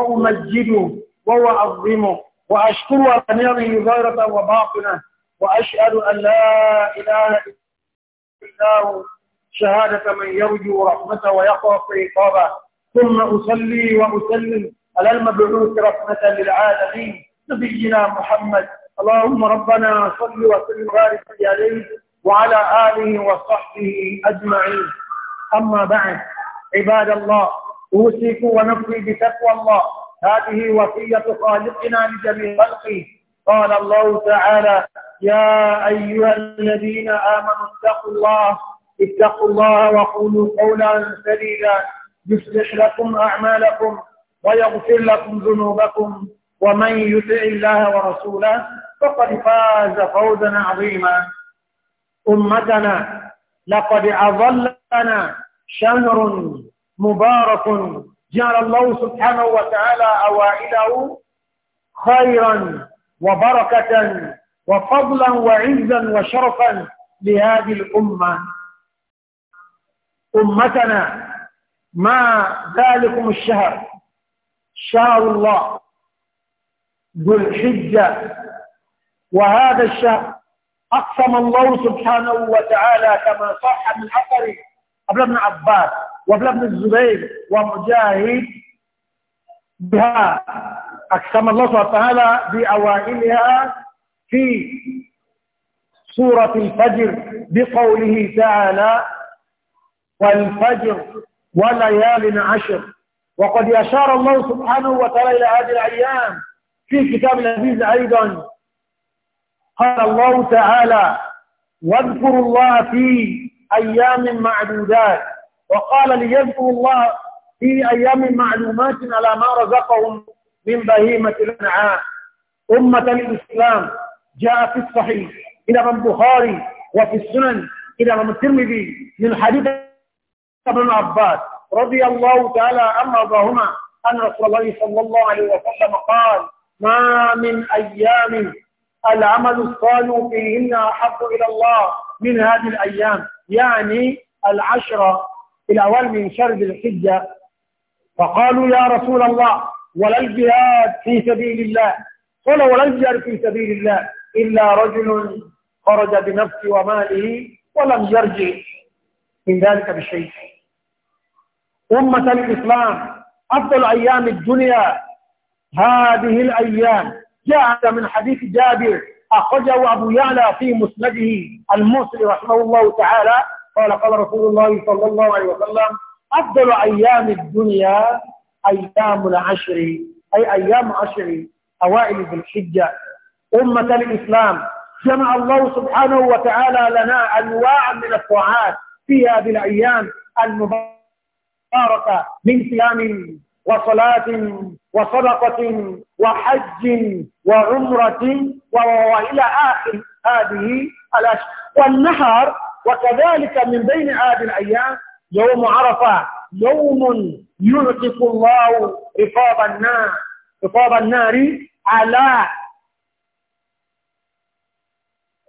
وأمجده وأعظمه وأشكر أن يغي ظاهرة وباطنة وأشهد أن لا إله إلا هو شهادة من يرجو رحمته ويخاف عقابه ثم أصلي وأسلم على المبعوث رحمة للعالمين نبينا محمد اللهم ربنا صل وسلم وبارك عليه وعلى آله وصحبه أجمعين أما بعد عباد الله أوصيكم ونفسي بتقوى الله هذه وصية خالقنا لجميع خلقه قال الله تعالى يا أيها الذين آمنوا اتقوا الله اتقوا الله وقولوا قولا سديدا يصلح لكم أعمالكم ويغفر لكم ذنوبكم ومن يطع الله ورسوله فقد فاز فوزا عظيما أمتنا لقد أظلنا شهر مبارك جعل الله سبحانه وتعالى أوائله خيرا وبركة وفضلا وعزا وشرفا لهذه الأمة أمتنا ما ذلكم الشهر شهر الله ذو الحجة وهذا الشهر أقسم الله سبحانه وتعالى كما صح من أثره عبد الله بن عباس وعبد الله بن الزبير ومجاهد بها أقسم الله سبحانه وتعالى بأوائلها في سورة الفجر بقوله تعالى والفجر وليال عشر وقد أشار الله سبحانه وتعالى إلى هذه الأيام في كتاب العزيز أيضا قال الله تعالى واذكروا الله في أيام معدودات وقال ليذكروا الله في أيام معلومات على ما رزقهم من بهيمة الأنعام أمة الإسلام جاء في الصحيح إلى من بخاري وفي السنن إلى من الترمذي من حديث ابن عباس رضي الله تعالى عن رضاهما أن رسول الله صلى الله عليه وسلم قال ما من أيام العمل الصالح فيهن أحب إلى الله من هذه الأيام يعني العشرة الأول من شهر ذي الحجة فقالوا يا رسول الله ولا الجهاد في سبيل الله قال ولا الجهاد في سبيل الله إلا رجل خرج بنفسه وماله ولم يرجع من ذلك بشيء أمة الإسلام أفضل أيام الدنيا هذه الأيام جاءت من حديث جابر أخرجه أبو يعلى في مسنده الموصلي رحمه الله تعالى قال قال رسول الله صلى الله عليه وسلم أفضل أيام الدنيا أيام العشر أي أيام عشر أوائل ذي الحجة أمة الإسلام جمع الله سبحانه وتعالى لنا أنواع من الطاعات في هذه الأيام المباركة من صيام وصلاة وصدقة وحج وعمرة وإلى آخر هذه الأشهر والنهر وكذلك من بين هذه الأيام يوم عرفة يوم يعطف الله رقاب النار رقاب النار على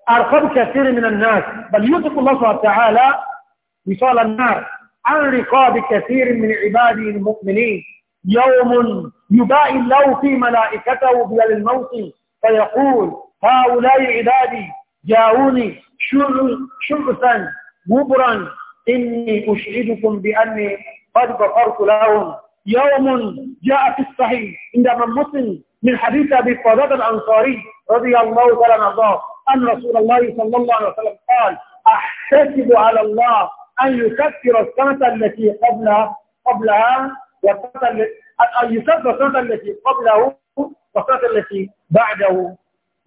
أرقب كثير من الناس بل يعطف الله سبحانه وتعالى وصال النار عن رقاب كثير من عباده المؤمنين يوم يباعي الله في ملائكته بلال الموت فيقول هؤلاء عبادي جاؤوني شرثا مبرا إني أشهدكم بأني قد غفرت لهم يوم جاء في الصحيح عندما مسلم من حديث أبي قردة الأنصاري رضي الله تعالى عنه أن رسول الله صلى الله عليه وسلم قال أحتسب على الله أن يكفر السنة التي قبلها قبلها وقتل أن يسبب الصلاة التي قبله والصلاة التي بعده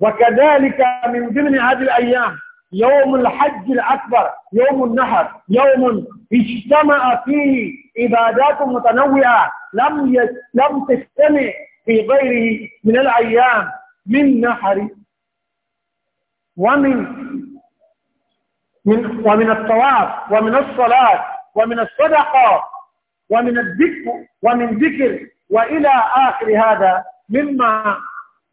وكذلك من ضمن هذه الأيام يوم الحج الأكبر يوم النحر يوم اجتمع فيه عبادات متنوعة لم لم تجتمع في غيره من الأيام من نحر ومن من ومن الطواف ومن الصلاة ومن الصدقة ومن الذكر ومن ذكر وإلى آخر هذا مما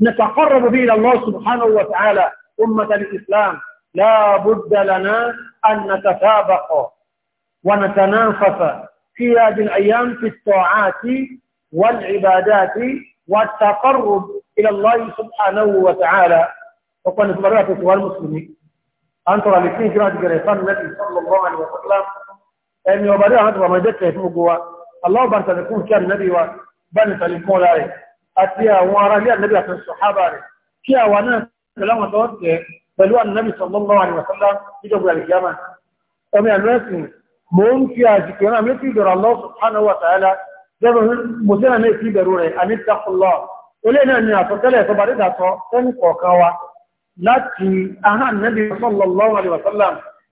نتقرب به إلى الله سبحانه وتعالى أمة الإسلام لا بد لنا أن نتسابق ونتنافس في هذه الأيام في الطاعات والعبادات والتقرب إلى الله سبحانه وتعالى وقال نتمرأة سؤال المسلمين أنت رأيتين كما النبي صلى الله عليه وسلم ẹni ọba dáa hàtàwà máa jẹ́kẹ̀ẹ́ fún gbogbo wa aláwọ̀ bá tàbíkún kí ànábì wa bá ní tàbíkún rẹ̀ àti àwọn ará ilé ànábì àti sọ̀hábà rẹ̀ kí àwa náà pẹ̀lú àwọn tó tẹ̀ pẹ̀lú ànábì sallallahu alaihi wasallam níjọba àlìyámà ọmọ ẹ̀nu ẹ̀sìn mò ń fi àjìkì náà mi fi bẹ̀rù Allah subhanahu wa ta'ala gẹ́gẹ́ mo sí náà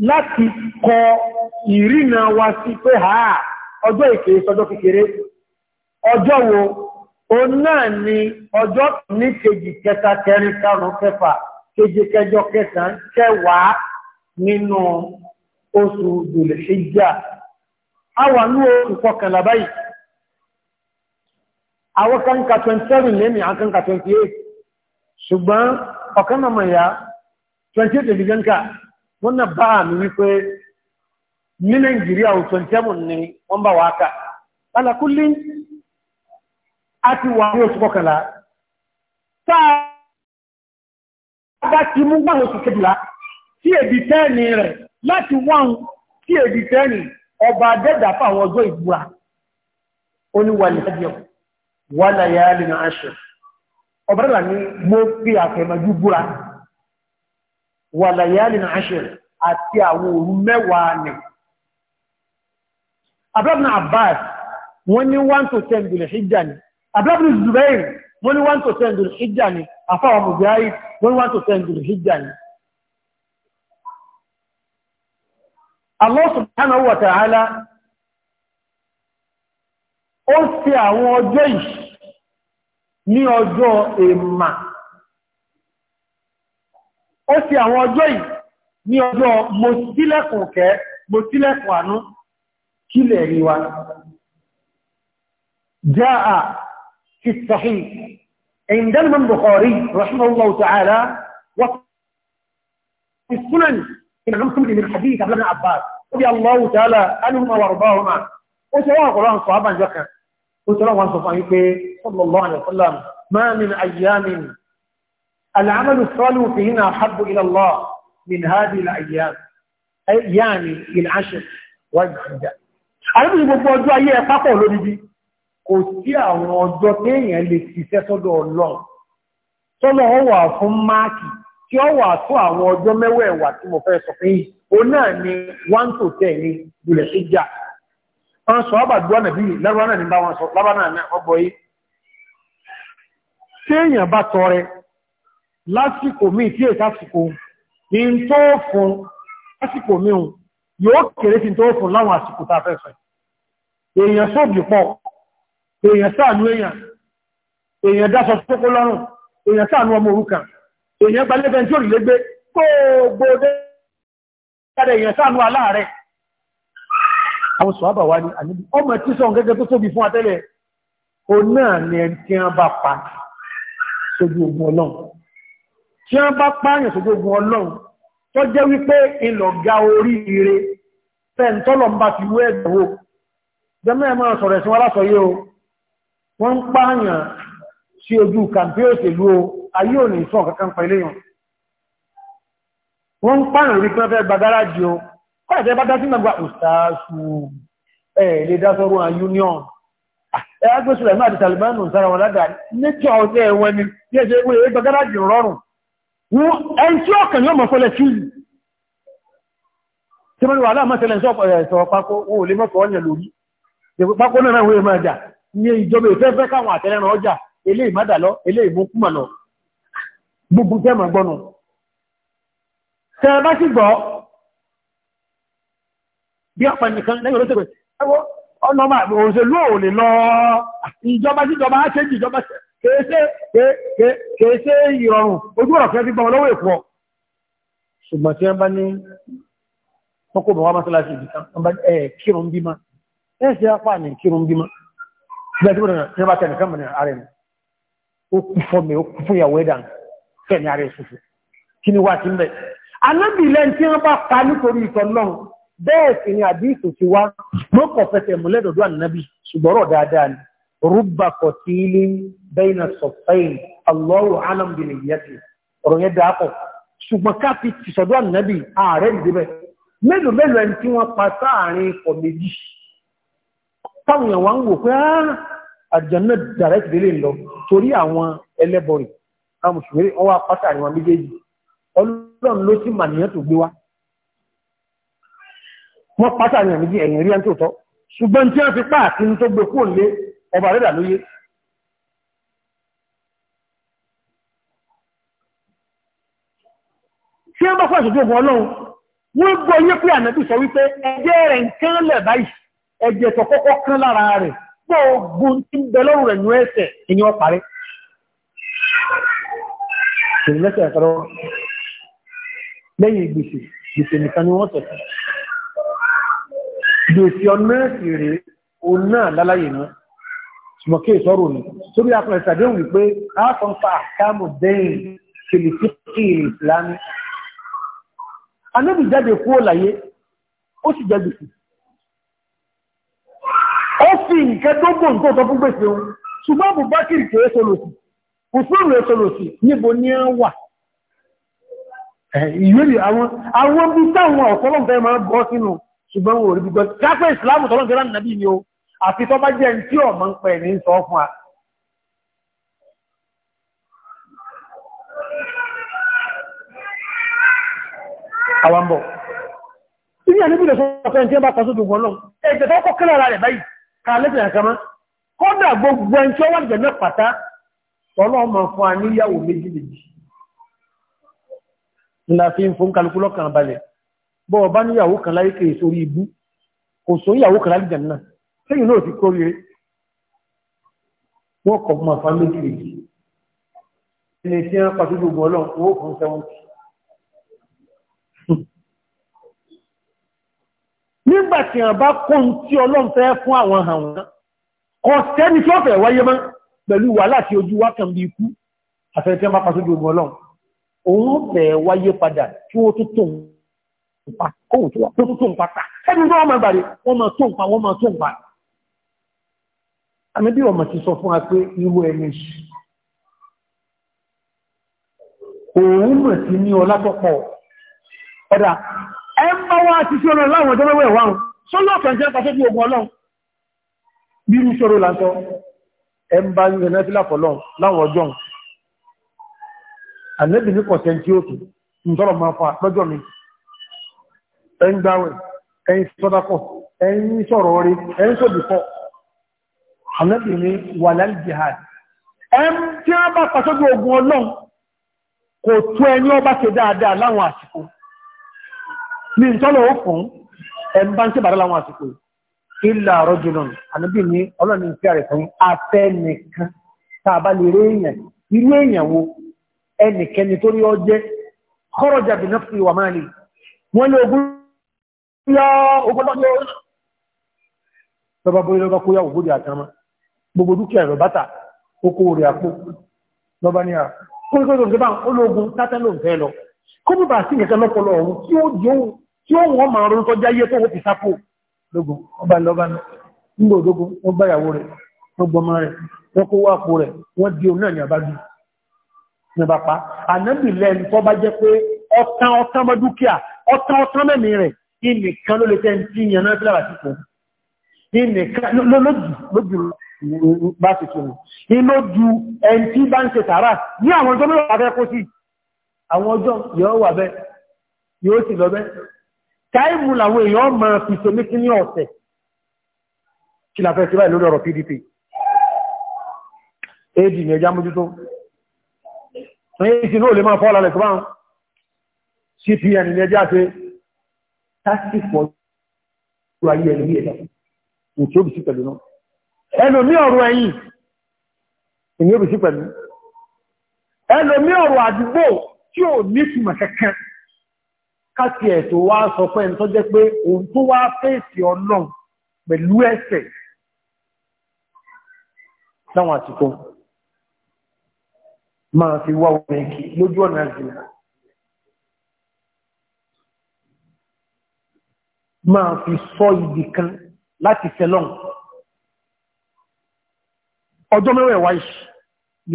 láti kọ ìrìnà wa sí pé ha ọjọ́ ìkèrè sọjọ́ kékeré ọjọ́ wo o náà ni ọjọ́ ní kejì kẹta kẹrin karùn kẹfà keje kẹjọ kẹsàn kẹwàá nínú oṣù Dhul a. awà ní oṣù kọkànlá báyìí àwọn kanka 27 lẹ́mì àwọn kanka 28 ṣùgbọ́n ọ̀kan ya 28 ìdíjẹ́ nǹkan wọ́n náà bá àmì wípé ní nàìjíríà ò 27 ni wọ́n bá wákà alákúlé a ti wà ní oṣù kọkànlá táà bá ti mú gbáhùn oṣù kejìlá tí èdì tẹ́ẹ̀nì rẹ̀ láti wọ́n tí èdì tẹ́ẹ̀nì ọba dẹ́dà fáwọn ọjọ́ ìbúra ó wàlàyálì àṣìr àti àwọn òru mẹ́wàá nì. Abúrábìnà Abbas wọ́n ní 1 to 10 dùlẹ̀ hijjá ni. Abúrábìnà Zubair wọ́n ní 1 to 10 dùlẹ̀ hijjá ni. Afáwà Mùjáyí wọ́n ní 1 to 10 dùlẹ̀ hijjá ni. Allah subhanahu wa ta'ala ó ṣe àwọn ọjọ́ yìí ó sì àwọn ọjọ́ yìí ní ọjọ́ mo sílẹ̀kùn kẹ́ mo sílẹ̀kùn àánú kílẹ̀ rí wa jáà fi sàhí ẹ̀yìndẹ́lùmọ́ Bukhari rahimahullahu ta'ala wọ́n fi súnan ìrìnàmọ́ súnmọ́ ìrìnàmọ́ hadith abúlé abbas obi allahu ta'ala anúmọ̀ wàrùbáhùmá ó ṣe wọ́n àkọ̀rọ̀ àwọn sọ̀hábàjọ́ kan ó ṣe wọ́n العمل الصالح فيهن أحب إلى الله من هذه الأيام يعني العشر والجدة àrẹ́bìnrin gbogbo ọjọ́ ayé ẹ pápọ̀ lódìdí kò sí àwọn ọjọ́ téèyàn lè ṣiṣẹ́ sọ́dọ̀ ọlọ́run tọ́lọ ọwà fún máàkì tí ó wà tó tí mo sọ o to 10 ní ìlẹ̀ sí jà lásìkò míì tí èsì àsìkò ní tó fún lásìkò míì yóò kéré tí tó fún láwọn àsìkò tá fẹ́fẹ́ èèyàn sóbì pọ̀ èèyàn sáànú èèyàn èèyàn dáṣọ tókó lọ́rùn èèyàn sáànú ọmọ òrukàn èèyàn gbalẹ́bẹ̀ tí ó rí lẹ́gbẹ́ gbogbo dáadáa èèyàn sáànú aláàrẹ̀ àwọn sọ̀ábà wá ní àníbí ọmọ tí sọ gẹ́gẹ́ tó tóbi fún atẹ́lẹ̀ o náà ni ẹni tí wọ́n bá pa sójú ogun ọlọ́run tí wọ́n bá pààyàn sójógun ọlọ́run tó jẹ́ wípé ìlọ̀gá orí ire fẹ́ntọ́lọ̀ ń bá ti wé ẹ̀dọ̀wó jẹ́mọ́ ẹ̀mọ́ sọ̀rọ̀ ẹ̀sìn wọ́n lásọ yóò wọ́n ń pààyàn sí ojú kàmpé òṣèlú ayé ò ní sọ kankan pẹ̀lú yàn wọ́n ń pààyàn rí pé wọ́n fẹ́ gbagara jì ó kọ́ẹ̀tẹ́ bá dá sí mẹ́gbà ah, àti Taliban sára wọn ládàá nature ọ̀tẹ́ ẹ̀wọ́n ni bí ẹ̀ṣẹ́ ìwé gbagara jì rọrùn ẹn tí ọkàn yóò mọ̀ fọ́lẹ̀ tí tí wọ́n wà láàmọ́sẹ̀lẹ̀ sọ̀rọ̀ pákó o lè mọ́fọ́ ọ̀yàn lórí pákó náà wọ́n máa jà ní ìjọba ìfẹ́fẹ́ káwọn àtẹ́lẹ́ràn ọjà ilé ìmádà lọ ilé ìmúkúmà lọ gbogbo tẹ́mà gbọ́nà tẹ́ẹ̀bá sì gbọ́ bí ọ̀pọ̀ nìkan lẹ́yìn olóṣèlú ọ̀nà òṣèlú ò lè lọ ìjọba síjọba á ṣe jìjọba ṣe kèéṣe ìrọ̀rùn ojú ọ̀rọ̀ fẹ́ gbígbọ́n lọ́wọ́ èkó ṣùgbọ́n tí wọ́n bá ní ọkọ̀ bọ̀ wá mọ́sálásí ìdíkan wọ́n bá ẹ̀ kírun bí ma ẹ̀ sí apá ní kírun bí ma bẹ́ẹ̀ tí wọ́n bá tẹ̀ nìkan mọ̀ ní ààrẹ mi ó kú fọ́ mi ó kú fún ìyàwó ẹ̀dà tẹ̀ ní ààrẹ ìṣòfò kí ni wá sì ni àbí ìsòsí wa ló kọ̀ fẹsẹ̀ mọ́lẹ́dọ̀dọ̀ ànábì dáadáa ni رب قتيل بين الصفين الله اعلم بنيته ọ̀rọ̀ yẹn dáa pọ̀ ṣùgbọ́n káàpì ti sọ́dọ̀ ànábì ààrẹ ìdíbẹ̀ mélòó mélòó ẹni tí wọ́n pa sáàrin ikọ̀ méjì táwọn èèyàn wá ń wò pé ah, àjànà direct délé lọ torí àwọn ẹlẹ́bọ̀rì àwọn mùsùlùmí wọ́n wá pa sáàrin wọn méjèèjì ọlọ́run ló sì mànìyàn tó gbé wá wọ́n pa sáàrin àmì ẹ̀yìn rí ẹni tó tọ́ ṣùgbọ́n tí wọ́n fi pààtì ní tó gbé kúrò lé ọba rẹ̀ lóye tí ó bá fún ìṣòjú ogun ọlọ́run wọ́n gbọ́ yé pé ànàbí sọ wípé ẹjẹ́ rẹ̀ ń kán lẹ̀ báyìí ẹ̀jẹ̀ tó kọ́kọ́ kán lára rẹ̀ pọ̀ ogun tí ń bẹ lọ́rùn rẹ̀ nú ẹsẹ̀ ìní ọ parí lẹ́sẹ̀ ẹ̀kọ́rọ́ lẹ́yìn gbèsè gbèsè nìkan ni wọ́n sọ̀tọ̀ gbèsè ọ̀nà ẹ̀sì rèé òun náà láláyè náà ṣùgbọ́n kí ìṣọ́rò ni torí àpẹẹrẹ ṣàdéhùn wípé àwọn fa àkámù bẹ́ẹ̀ fìlìfìkì ìsìlámì anábì jáde kú òlàyé ó sì jẹ gbèsè ó fi nǹkan tó gbò nǹkan tó fún gbèsè òun ṣùgbọ́n Abubakar kì í solòsì òṣèlú èsolòsì níbo ní ẹ wà ìwéèrè àwọn àwọn bí táwọn ọ̀tọ́lọ́mùfẹ́ máa bọ́ sínú ṣùgbọ́n wọn ò rí gbígbọ́ káfẹ́ ìsìlámù tọ́lọ́mùfẹ́ láti nàbí ni o àti tó bá jẹ́ tí ọmọ ń pẹ̀ ní sọ fún a. Àwọn bọ̀. Ilé ẹni bílẹ̀ sọ́fẹ́ tí ó bá kọsùdù wọn náà, ẹgbẹ̀ tó kọ́ kílára rẹ̀ báyìí, ká lẹ́sẹ̀ àkàmá. Kọ́dà gbogbo ẹni tí ó wà jẹ̀mẹ́ pàtá, ọlọ́ọ̀mọ̀ fún a níyàwó méjì méjì. Ńlá fi ń fún kálukú lọ́kàn balẹ̀. Bọ́ọ̀ bá níyàwó kan láyé kèé sórí ibú, kò sóyàwó kan láyé jẹ̀ náà lẹ́yìn náà ti kórè wọ́n kọ̀ mọ́ fa méjìlélì ẹni tí wọ́n pàtó gbogbo ọlọ́run owó kan sẹ́wọ́ntì nígbà tí wọ́n bá kó ń tí ọlọ́run fẹ́ fún àwọn àwọn kò sẹ́ni tí ó fẹ́ wáyé mọ́ pẹ̀lú wàhálà tí ojú wa kàn bí ikú àfẹ́rẹ́ tí wọ́n bá pàtó gbogbo ọlọ́run òun fẹ́ wáyé padà tí ó tó tó ń pa kóhùn tó tó ń pa ta ẹni tó wọ́n máa gbàdé wọ́n máa tó ń pa wọ́n máa tó ń pa àmìbí ọmọ ti sọ fún wa pé irú ẹni òun mọ̀ sí ní ọlátọ́pọ̀ ọ̀dá ẹ ń bá wá ti sí ọlọ́run láwọn ọjọ́ mẹ́wẹ́ ìwárun sọ́lọ́ ọ̀kẹ́jẹ́ pàṣẹ bí ogun ọlọ́run bí irú ṣọ́rọ̀ lásọ ẹ ń bá ń tọ́rọ máa fa lọ́jọ́ mi ẹ ń gbáwẹ̀ ẹ ń sọ́dápọ̀ ẹ ń sọ̀rọ̀ àmọ́bìnrin wà láì jihad ẹm tí a bá pàṣọ́jú ogun ọlọ́run kò tó ẹni ọba ṣe dáadáa láwọn àsìkò ní ìtọ́lọ̀ ó fún ẹm bá ń ṣe bàrá láwọn àsìkò ìlà rọ́jùlọ́nù àmọ́bìnrin ọlọ́run ìfẹ́ rẹ̀ fún afẹ́ nìkan tàbá lè rí èèyàn gbogbo dúkìá ẹ̀rọ bátà oko rẹ̀ àpò lọ́ba ní àrùn kó tó tó bá ológun tátẹ́lò ń fẹ́ lọ kó bí bá sí ìkẹ́kẹ́ lọ́pọ̀lọ́ ọ̀hún tí ó di ohun tí ó wọ́n máa ronú tọ́já yé tó wọ́n fi sápò lógun pa ànábì lẹ́nu tó bá jẹ́ pé ọ̀tán ọ̀tán mọ́ dúkìá ọ̀tán ọ̀tán mẹ́mí rẹ̀ ìnìkan ló lè tẹ́ ń tí yan náà bá sì túnú inú ju ẹni tí bá ń ṣe tààrà ní àwọn ọjọ́ mẹ́wàá fẹ́ kó sí àwọn ọjọ́ yóò wà bẹ́ yóò sì lọ bẹ́ táìmù làwọn èèyàn máa fi ṣe mí ní ọ̀sẹ̀ kí la fẹ́ sí báyìí lórí ọ̀rọ̀ PDP ad ní ẹjá mójútó ẹ̀yìn tí náà lè máa fọ́ lálẹ̀ tó báhùn cpn ní ẹjá pé tásìkò ìwà ilẹ̀ ìlú ẹ̀dá òtí ó bì sí pẹ̀lú náà ẹlòmí ọ̀rọ̀ ẹ̀yìn èyí ò bí sí pẹ̀lú ẹlòmí ọ̀rọ̀ àdúgbò tí ò ní túnmọ̀ kẹ́kẹ́ káti ẹ̀tò wá sọ pé ẹni tó jẹ́ pé òun tó wá fèsì ọlọ́run pẹ̀lú ẹsẹ̀ láwọn àtìkò máa fi wá orin kí lójú ọ̀nà ìgbìmọ̀ máa fi sọ ibì kan láti fẹ́lọ́run ọjọ́ mẹ́wẹ̀ẹ̀wá yìí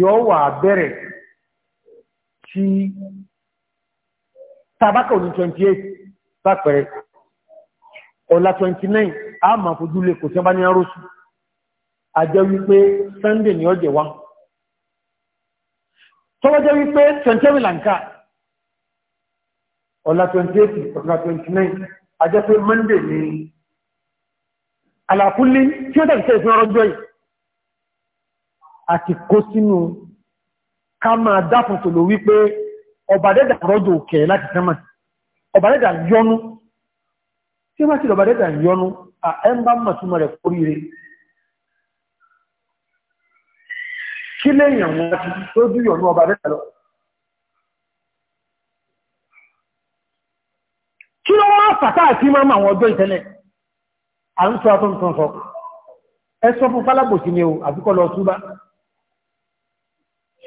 yóò wà bẹ̀rẹ̀ tí tabaka ní 28 lápẹẹrẹ ọ̀la 29 a máa fojú lè kò tí wọ́n bá ní arósù a jẹ́ wípé sunday ni ọjẹ́ wá tọ́wọ́ jẹ́ wípé 27 lanka ọ̀la 28 ọ̀la 29 a jẹ́ pé monday ni àlàkúlé tí ó dẹ̀ àti kó sínú ká máa dáfún tòlò wípé ọba dẹ́dà rọ́jò òkè láti sánmà ọba dẹ́dà yọnú tí wọ́n ti ọba dẹ́dà yọnú à ẹ́mbà mọ̀túnmọ̀ rẹ̀ kóríire kí lẹ́yìn àwọn àti tó kí ló àwọn ọjọ́ ìtẹ́lẹ̀ à ń sọ atọ́ntọ́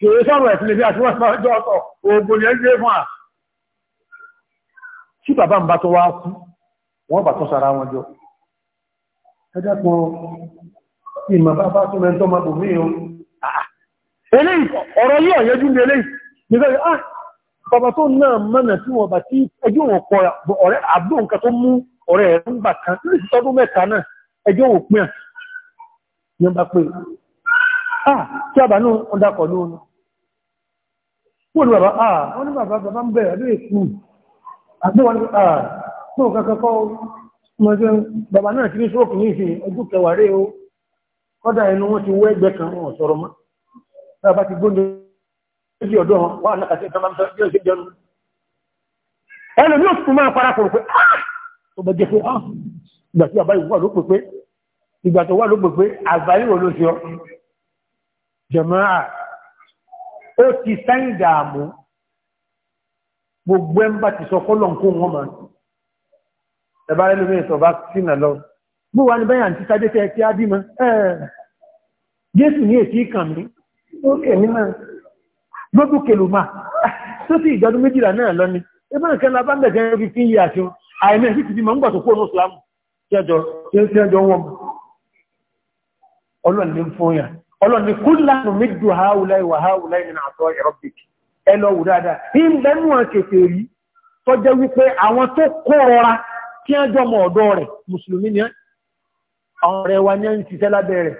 kèrè sọ́rọ̀ ẹ̀sìn lè bí àti wọ́n sọ ọjọ́ ọ̀tọ̀ ogun ni ẹgbẹ́ fún à tí bàbá ń bá tó wá kú wọ́n bà tó sára wọn jọ ẹjẹ́pọ̀ ìmọ̀ bàbá tó mẹ́ntọ́ ma bò míì ah, ọ̀rọ̀ yí ọ̀yẹ́jú ní eléyìí nígbẹ́ ah bàbá tó náà mọ́nà tí wọ́n bà tí ẹjọ́ wọn pọ̀ ọ̀rẹ́ àbúrò nǹkan tó mú ọ̀rẹ́ ẹ̀ ń bà kan tí tọdún mẹ́ta náà ẹjọ́ wọn pín à ní ọba pé ah tí a bà ní ọdakọ̀ ní ọdún wọ́n ní bàbá àà wọ́n ní bàbá bàbá ń bẹ̀rẹ̀ lórí ìkú àgbéwọ̀n ní àà tó kẹ́kẹ́kọ́ bàbá náà ti ní ní ọdún kẹwàá rẹ̀ o kọ́dà inú wọn ti wọ́ ẹgbẹ́ kan wọn sọ̀rọ̀ mọ́ bàbá ti gbóndé sí ọ̀dọ́ wọn wà wà ló pè pé àgbáyé ló ó ti sáyìn dààmú gbogbo ẹ̀ ń bá ti sọ kọ́ lọ́nkó wọn mọ̀ ẹ̀bá rẹ̀ lómi ìtọ̀ bá sínà lọ bó wà ní báyà àti sáde tẹ́ kí á bímọ jésù ní èsì ìkàn mi ó kẹ̀ mí náà lójú kèlò máa tó sì ìjọdún méjìlá náà lọ ni ẹgbẹ́ nǹkan la bá ń bẹ̀gẹ́ fi fi ń yí àṣọ àìmọ́ ẹ̀sì ti bímọ ń gbà tó kó ní ìsìlámù ọlọ́ni kúlánù méjì haúláì wà haúláì nínú àtọ́ aerobic ẹlọ wù dáadáa ní ìbẹ̀nù àkẹfẹ̀ rí tó jẹ́ wípé àwọn tó kó rọra tí a jọmọ ọ̀dọ́ rẹ̀ mùsùlùmí ni àwọn ọ̀rẹ́ wa ní ẹni ṣiṣẹ́ lábẹ́ rẹ̀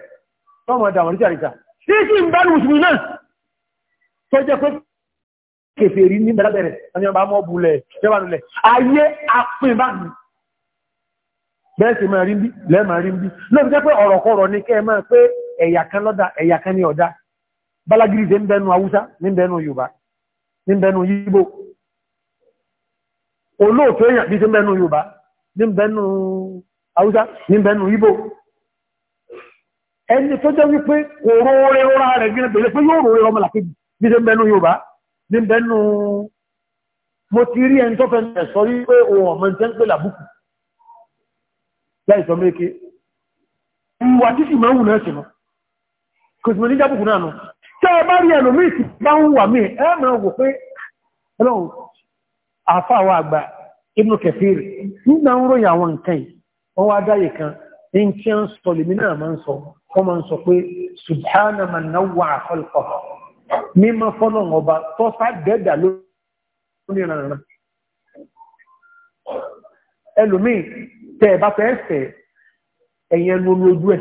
tọ́mọ dàwọn ríta ríta sí sí ìbẹ̀nù mùsùlùmí náà tó jẹ́ pé kẹfẹ̀ ní kẹ́ ẹ máa pé ẹ̀yà kan lọ́dà ẹ̀yà kan ní ọ̀dá balagiri ṣe ń bẹnu haúsá ní bẹnu yorùbá ní bẹnu yíbò olóòtú èèyàn bí ṣe ń bẹnu yorùbá ní bẹnu haúsá ní bẹnu yíbò ẹni tó jẹ́ wípé kò róore rọra rẹ̀ gírí pẹ̀lú pé yóò róore ọmọ làkejì bí ṣe ń bẹnu yorùbá ní bẹnu mo ti rí ẹni tó fẹ́ sọ rí pé òun ọmọ ìṣẹ́ ń pè làbùkù láìsọ méke ìwà títì máa ń wù náà sí náà kòsìmọ̀ ní jábùkù náà nù tẹ́ ẹ bá rí ẹlòmí ìtì bá ń wà mí ẹ máa wò pé ọlọ́run àfáàwọ̀ àgbà Ibn Kathir nígbà ń ròyìn àwọn nǹkan yìí wọ́n wá dáyé kan ní tí a ń sọ lèmi náà máa ń sọ wọ́n máa ń sọ pé ẹlòmí tẹ́ ẹ fẹ́ fẹ́ ẹ̀yẹn lórí ojú ẹ̀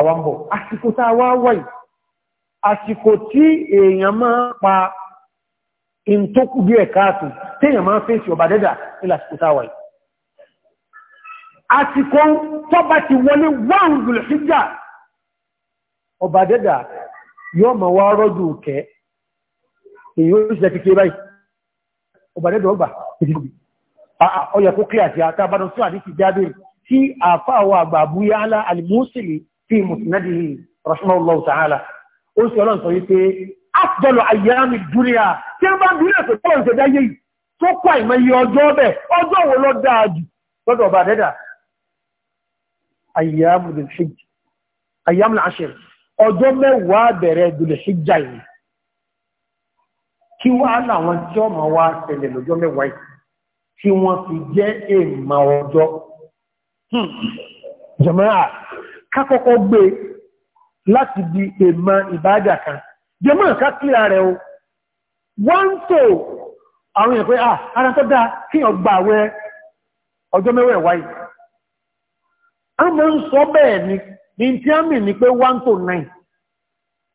àwọn bọ̀. Àsìkò tá a wá wáyì, àsìkò tí èèyàn máa pa in tó kú bí ẹ̀ká àtù, tí èèyàn máa fèsì ọba dẹ́dà nílà àsìkò tá a wáyì. Àsìkò tó bá ti wọlé wọ́n lùlẹ̀ síjà, ọba dẹ́dà yóò máa wá rọ́jù kẹ́ èyí tí àfáà wà àgbà àbúyá alá alìmúsìlì في مسنده رحمه الله تعالى ó sì ọlọ́run sọ wípé afdal ayyami dunya tí ó bá ń dúró ẹ̀sọ̀ tọ́lọ̀ ìṣẹ̀dá yìí tó kọ́ ìmọ̀ye ọjọ́ ọbẹ̀ ọjọ́ wo lọ dáa jù lọ́dọ̀ ọba dẹ́dà ayyamu dhul-hijja ayyamul ashr ọjọ́ mẹ́wàá bẹ̀rẹ̀ dhul-hijja yìí kí wá láwọn tí ọmọ wa tẹ̀lẹ̀ lọ́jọ́ mẹ́wàá yìí tí wọ́n fi jẹ́ èèmà ọjọ́ jàmáà kákọ́kọ́ gbé e láti di èmà ìbájà kan jẹmọ́ ká kílà rẹ̀ o wọ́n tó àwọn èèyàn ara tó dáa kí ọgbà àwẹ̀ ọjọ́ mẹ́wẹ̀ wáyé a mọ́ ń sọ bẹ́ẹ̀ ni ní tí a mì 1 to 9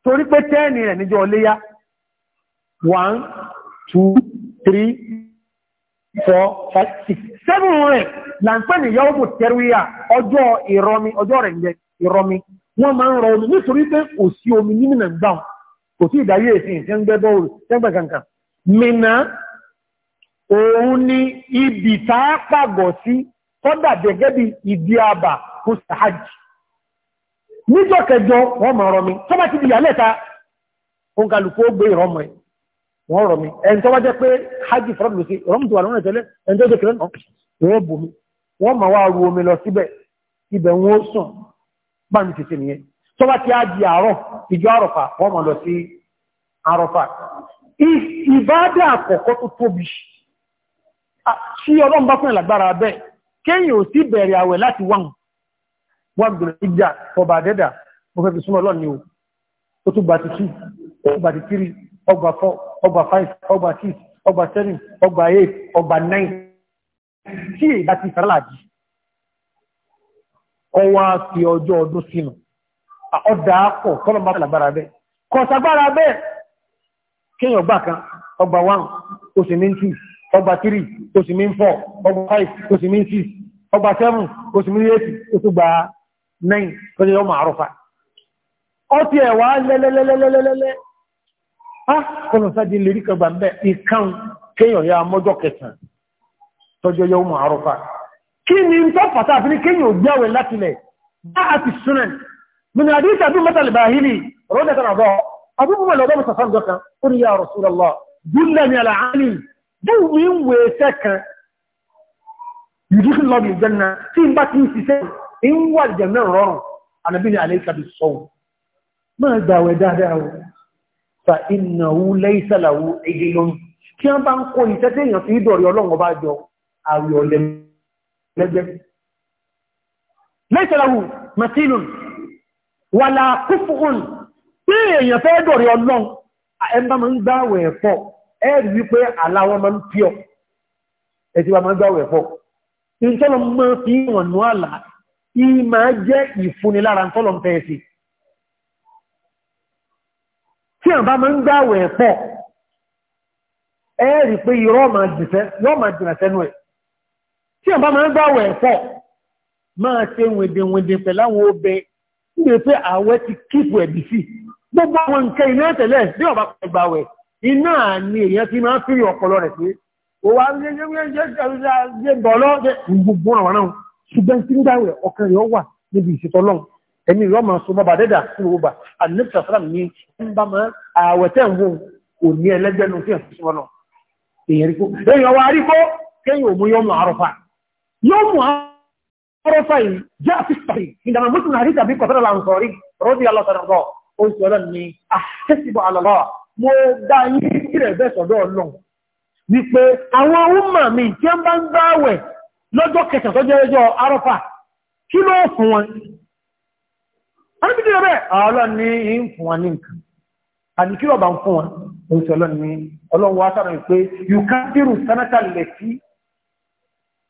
torí pé 10 rẹ̀ níjọ léyá 1 2 3 4 5 6 7 rẹ̀ là ń pẹ́ ní yọ́wọ́ bò tẹ́rù yà ọjọ́ ìrọmi ọjọ́ ìrọmi wọ́n máa ń rọ omi nítorí pé kò sí omi ní mìnà gbà kò sí ìdáyé ìsìn ìṣẹ́ ń gbẹ́bọ́ òru tẹ́gbẹ̀ kankan mìnà òun ni ibi tá a pàgọ́ sí kọ́dà gẹ́gẹ́ bí ìdí àbà kò sàájì níjọ́ kẹjọ wọ́n máa rọmi tó bá ti di ìyálẹ̀ta ó ń kálukú ó gbé ìrọmọ ẹ̀ wọ́n rọmi hajj fọ́rọ̀ lòsí rọmi tó wà lọ́nà tẹ́lẹ̀ ẹni tó jẹ́ kẹlẹ́ náà wọ́n bù mí wọ́n máa wá ru omi lọ síbẹ̀ ibẹ̀ wọ́n bá ní tètè nìyẹn tó bá ti á àárọ̀ ìjọ àrọ̀fà wọ́n mọ̀ lọ sí àrọ̀fà ìbádà àkọ́kọ́ tó tóbi sí ọlọ́run bá fún ìlàgbára abẹ́ kéyìn ò sí bẹ̀rẹ̀ àwẹ̀ láti ọgbà ti ọgbà four ọgbà five six ti ọwọ́ fi ọjọ́ ọdún sínú ọdá pọ̀ tọ́lọ̀ bá lágbára bẹ́ẹ̀ kọ̀sàgbára bẹ́ẹ̀ kíyàn ọgbà kan ọgbà 1 oṣù 2 ọgbà 3 oṣù 4 ọgbà 5 oṣù 6 ọgbà 7 oṣù 8 oṣù gbà 9 yọ ọ ti ẹ̀wà lẹ́lẹ́lẹ́lẹ́lẹ́lẹ́lẹ́ ya kí ni tó fàtà àfi ní kéyìn ò gbáwẹ̀ látilẹ̀ bá a ti súnà mìnà àdí ìsàbí mẹ́tàlì bá hìlì rọ́dẹ̀ kan àbọ̀ abúkú mọ̀ lọ́dọ̀ mọ̀sán jọ kan ó ní yà Rasulullah dúlẹ̀ ní àlàáni dúwì ń wè ẹsẹ̀ kan yìí lọ́bì ìjẹ́nà tí ń bá ti ń ṣiṣẹ́ ń wà jẹ̀mẹ́ rọrùn ànàbí ní àlẹ́ ìsàbí sọ́wọ́ kí wọ́n bá ń kó ìtẹ́tẹ́ èèyàn fi ìdọ̀rí ọlọ́run ọba jọ àwẹ̀ ọ̀lẹ́mú lẹ́gbẹ́ lẹ́sẹ̀lẹ́wù matilun wà láàkúfùn tí èèyàn fẹ́ dọ̀rẹ̀ ọlọ́n ẹmbá ma ń gbáwẹ̀ ẹ̀fọ́ ẹ̀rì wípé aláwọ̀ ma ń píọ̀ ẹ̀tí wa ma ń gbáwẹ̀ ẹ̀fọ́ ìtọ́lọ ma fi wọ̀n nú àlà ìmá jẹ́ ìfúnilára tọ́lọ fẹ́ẹ̀sì tí àbá ma ń gbáwẹ̀ ẹ̀fọ́ ẹ̀rì pé irọ́ ma jìnà sẹ́nu ẹ̀ tí àbá máa ń gbàwẹ̀ ẹ̀fọ́ máa ṣe wèdèwèdè pẹ̀láwọn obẹ nígbè pé àwẹ̀ ti kíkù ẹ̀bì sí gbogbo àwọn nǹkan iná tẹ̀lẹ̀ bí ọba gbàwẹ̀ iná ni èèyàn ti máa ń fìrì ọpọlọ rẹ̀ pé ó wá gbogbo àwọn náà ṣùgbọ́n tí ń gbàwẹ̀ ọkàn rẹ̀ wà níbi ìṣètọ́lọ́ ẹni ìrọ́ máa so bàbá dẹ́dà sí gbogbo bà àdínẹ́pìtà sálàm ní ń bá máa àwẹ̀ tẹ́ ń wò kò ní ẹlẹ́gbẹ́nu fíhàn sí ọ̀nà èèyàn rí kó èèyàn wá rí kó kéèyàn ò mú yọmọ àrọ̀fà يوم عرفين جاء في الصحيح عندما مسلم حديث أبي قتادة الأنصاري رضي الله تعالى عنه قلت لني أحتسب على الله mo dá yín rẹ̀ bẹ́ẹ̀ sọ̀dọ̀ ọlọ́run Awọn àwọn mi tí ó bá ń bá wẹ̀ lọ́jọ́ kẹsàn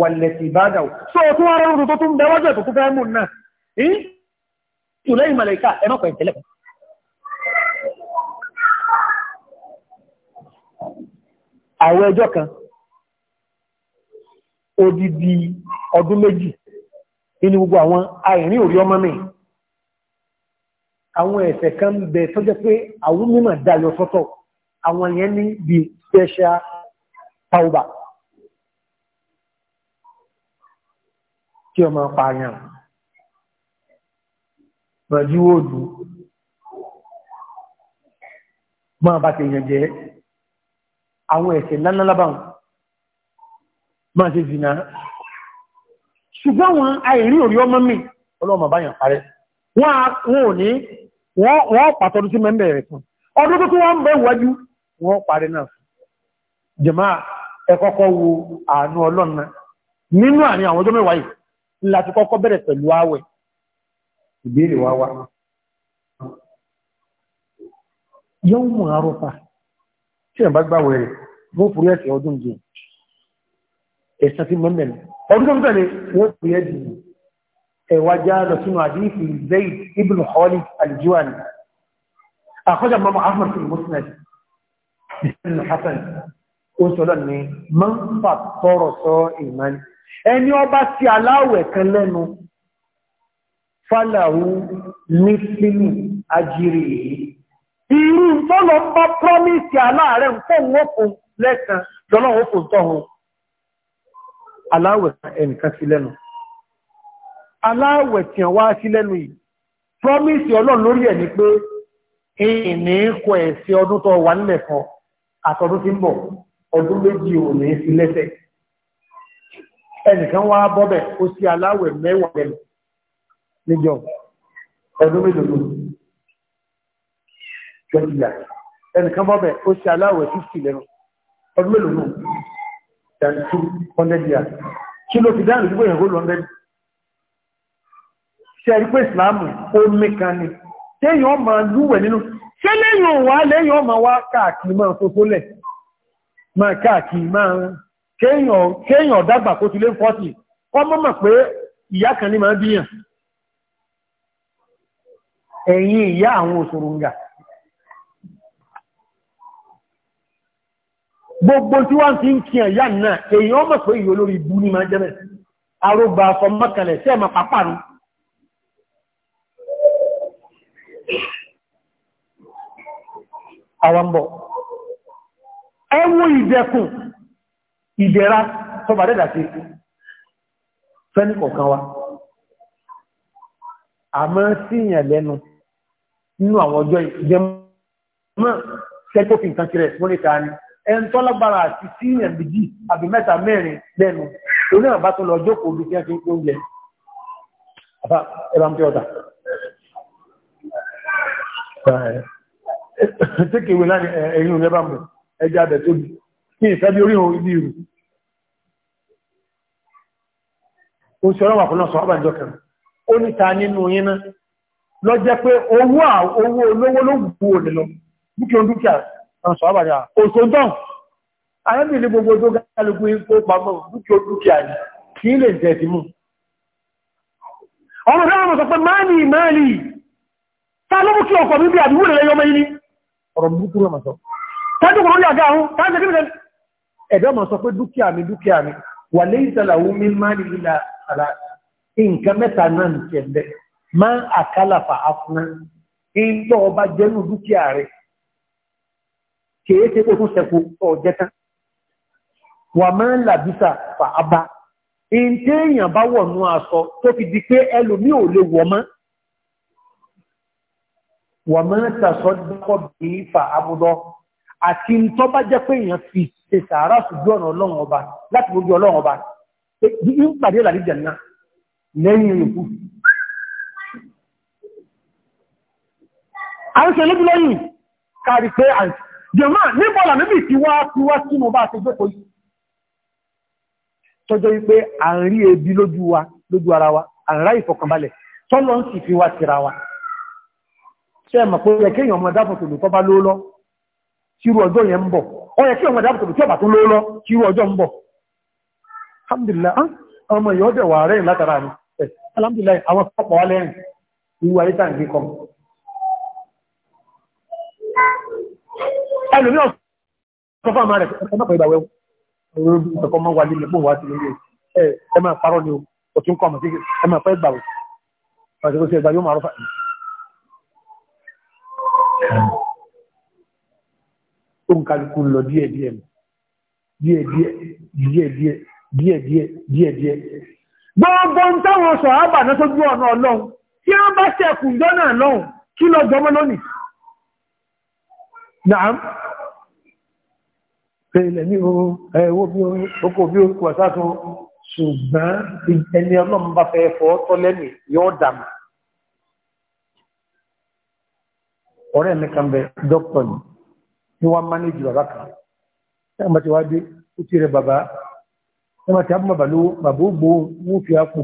wàlẹ̀tì ìbádà ò so tó wá rọrùn tó tún bẹwọ́jọ́ tó tún fẹ́ mú náà yìí tí ó lẹ́yìn màlẹ̀ká ẹ̀nà pẹ̀ tẹ́lẹ̀ àwọn ẹjọ́ kan odidi ọdún méjì nínú gbogbo àwọn àìrín orí ọmọ mi àwọn ẹ̀sẹ̀ kan bẹ̀ tó jẹ́ pé àwọn mímọ̀ dayọ sọ́tọ̀ àwọn yẹn ní bí special powder kí ọmọ pààyàn rọ̀jú òòlù máa bá ti yàn jẹ́ àwọn ẹ̀ṣẹ̀ lánàlábàn máa ṣe zìnà ṣùgbọ́n wọn àìrí orí ọmọ mi ọlọ́mọ báyàn parẹ́ wọ́n ò ní wọ́n pàtọ́dún sí mẹ́mẹ́ rẹ̀ fún ọdún tó tó wọ́n bẹ́ wájú wọ́n parẹ́ náà jẹ̀má ẹ̀kọ́kọ́ wo àánú ọlọ́nà nínú àárín àwọn ọjọ́ mẹ́wàá yìí láti kọ́kọ́ bẹ̀rẹ̀ pẹ̀lú àwẹ̀ ìbéèrè wá wá yóò mú àrùfà tí ẹ̀ bá gbàwẹ̀ rẹ̀ mú fúrí ẹ̀sẹ̀ ọdún jẹ ẹ̀sẹ̀ tí mọ́ mẹ́rin ọdún tó tẹ̀lé wọ́n fúrí ẹ̀ jù ẹ̀wà já lọ sínú àdífì Zayd ibn Khalid al àkọ́jà mọ́mọ́ Ahmad bin Musnad bin Hassan ó sọ́lọ́ ni man fà tọrọ sọ ìmánì ẹni ọba sí aláwẹ̀ kan lẹ́nu fàlàwú ní sílù ajírí yìí irú tọ́lọ ń bá promise aláàrẹ̀ fóun lẹ́kan jọlọ òfin tọ́hun aláwẹ̀ ẹnìkan sí lẹ́nu aláwẹ̀ tí wá sí lẹ́nu yìí promise ọlọ́run lórí ẹ̀ ni pé ìní kọ ọdún wà nílẹ̀ kan ń bọ̀ ọdún méjì ò ẹnìkan wá bọ́bẹ̀ ó sí aláwẹ̀ mẹ́wàá rẹ̀ níjọ ọdún mélòó jọjìlá ẹnìkan bọ́bẹ̀ ó sí aláwẹ̀ 50 lẹ́nu ọdún mélòó than 200 years kí ló fi dáhùn ìdúgbò ìhàngó lọ́ndẹ́ ṣe rí pé ìsìláàmù ó mẹ́kan ni téèyàn máa lúwẹ̀ nínú ṣé lẹ́yìn òwà lẹ́yìn ọmọ wá káàkiri máa fòfólẹ̀ máa káàkiri máa kéèyàn dàgbà kó ti lé 40 ọmọ mọ̀ pé ìyá kan ní ma bíyàn ẹ̀yìn ìyá àwọn òṣòròǹgà gbogbo tí wọ́n ti ń kí ẹ̀yà náà èyàn mọ̀ pé ìyó lórí ibú ní ma jẹ́mẹ̀ arógbà sọ sí ẹ̀mà ìdẹ̀ra tọba dẹ́dà sí fẹ́ni kọ̀ọ̀kan wa a mọ́ síyàn lẹ́nu nínú àwọn ọjọ́ ìjẹmọ́ sẹ́kọ́fì nǹkan kiri wọ́n ní káàní ẹn tọ́ lágbára àti síyàn méjì àbí mẹ́ta mẹ́rin lẹ́nu oní àbá tó lọ jókòó bí kíá fi ń oúnjẹ ẹbá ń pẹ́ ọ̀tà Tékèwé láti ẹ̀yìn òun ẹbá mọ̀ kí ìfẹ́ bí orí òun ibi ìrù ó sì ọlọ́wà fún náà sọ àbàjọ kẹrù ó ní ta nínú yín náà lọ jẹ́ pé owó owó olówó ló wù ó lè lọ dúkìá dúkìá náà sọ àbàjọ òṣò dán arábìnrin ní gbogbo tó gálùkù ipò pamọ́ dúkìá dúkìá ni kí ẹ̀dọ́ ma sọ pé dúkìá mi dúkìá mi wà lè ìsàlàwó mi máa ní ilà ara nǹkan mẹ́ta náà ní kẹ̀lẹ́ máa àkálàfà afúnná ń tọ́ ọba jẹ́nu dúkìá rẹ̀ kìí ṣe kó tún sẹ́kù ọ̀jẹ́ tán wà máa ń làbísà fà abá ń tẹ́ bá wọ̀ nú aṣọ tó fi di pé ẹlòmí ò lè wọ̀ mọ́ wà máa tàṣọ́ dọ́kọ̀ bí fà abúdọ́ àti tó bá jẹ́ pé èèyàn fi ṣe sàárà ṣùgbọ́n ọ̀nà ọlọ́run ọba láti gbogbo ọlọ́run ọba ń pàdé ìlàlí jẹ̀nà lẹ́yìn ìkú. a ń ṣe lójú lẹ́yìn kárí pé à ń jẹ̀mọ́ ní bọ́ọ̀lá níbi tí wá tí wá tí mo bá ṣe jókòó yìí tọ́jọ́ wípé à ń rí ebi lójú wa lójú ara wa à ń rá ìfọ̀kànbalẹ̀ tọ́lọ́ ń sì fi wá tira wa ṣe mọ̀ pé ẹ̀kẹ́yàn kíru ọjọ́ yẹn ń bọ̀ ó yẹ kí ọmọ ìdáàbò tòbí tí ọba tún ló lọ kíru ọjọ́ ń bọ̀ alhamdulillah ah, ọmọ ìyọ́ dẹ̀ wà rẹ́yìn látara mi alhamdulillah àwọn ọ̀pọ̀ wa lẹ́rìn ìwà ayé tàǹgé kọ́ ẹlòmí ọ̀sán fún àmà rẹ̀ ẹ má pẹ̀ ìgbà wẹ́wọ́ ẹ̀kọ́ máa wà nílẹ̀ fún wa sí lórí ẹ ẹ máa parọ́ ni o tún kọ́ ọmọ sí ẹ máa pẹ́ ìgbà wẹ́ pàṣẹ kó sí ẹgbà yóò máa rọ́fà Thank you tó ń kálukú lọ díẹ̀díẹ̀ díẹ̀díẹ̀ díẹ̀díẹ̀ díẹ̀díẹ̀ díẹ̀díẹ̀ gbogbo ń táwọn sọ àbà náà sójú ọ̀nà ọlọ́run tí wọ́n bá sẹ̀kù jọ́nà lọ́hùn kí lọ jọmọ́ lónìí naam pẹ̀lẹ̀ ní o ẹ̀wọ́ bí o oko bí o kò sáàtún ṣùgbọ́n ẹni ọlọ́run bá fẹ́ fọ́ tọ́lẹ́nì yóò dàmà ọ̀rẹ́ mi kan bẹ dókítà ni ni wọ́n mánéjì bàbá kan ẹ̀mà tí wá dé ó ti rẹ bàbá ẹ̀mà tí a bọ́ bàbá lówó bàbá ó gbó wó fi àpò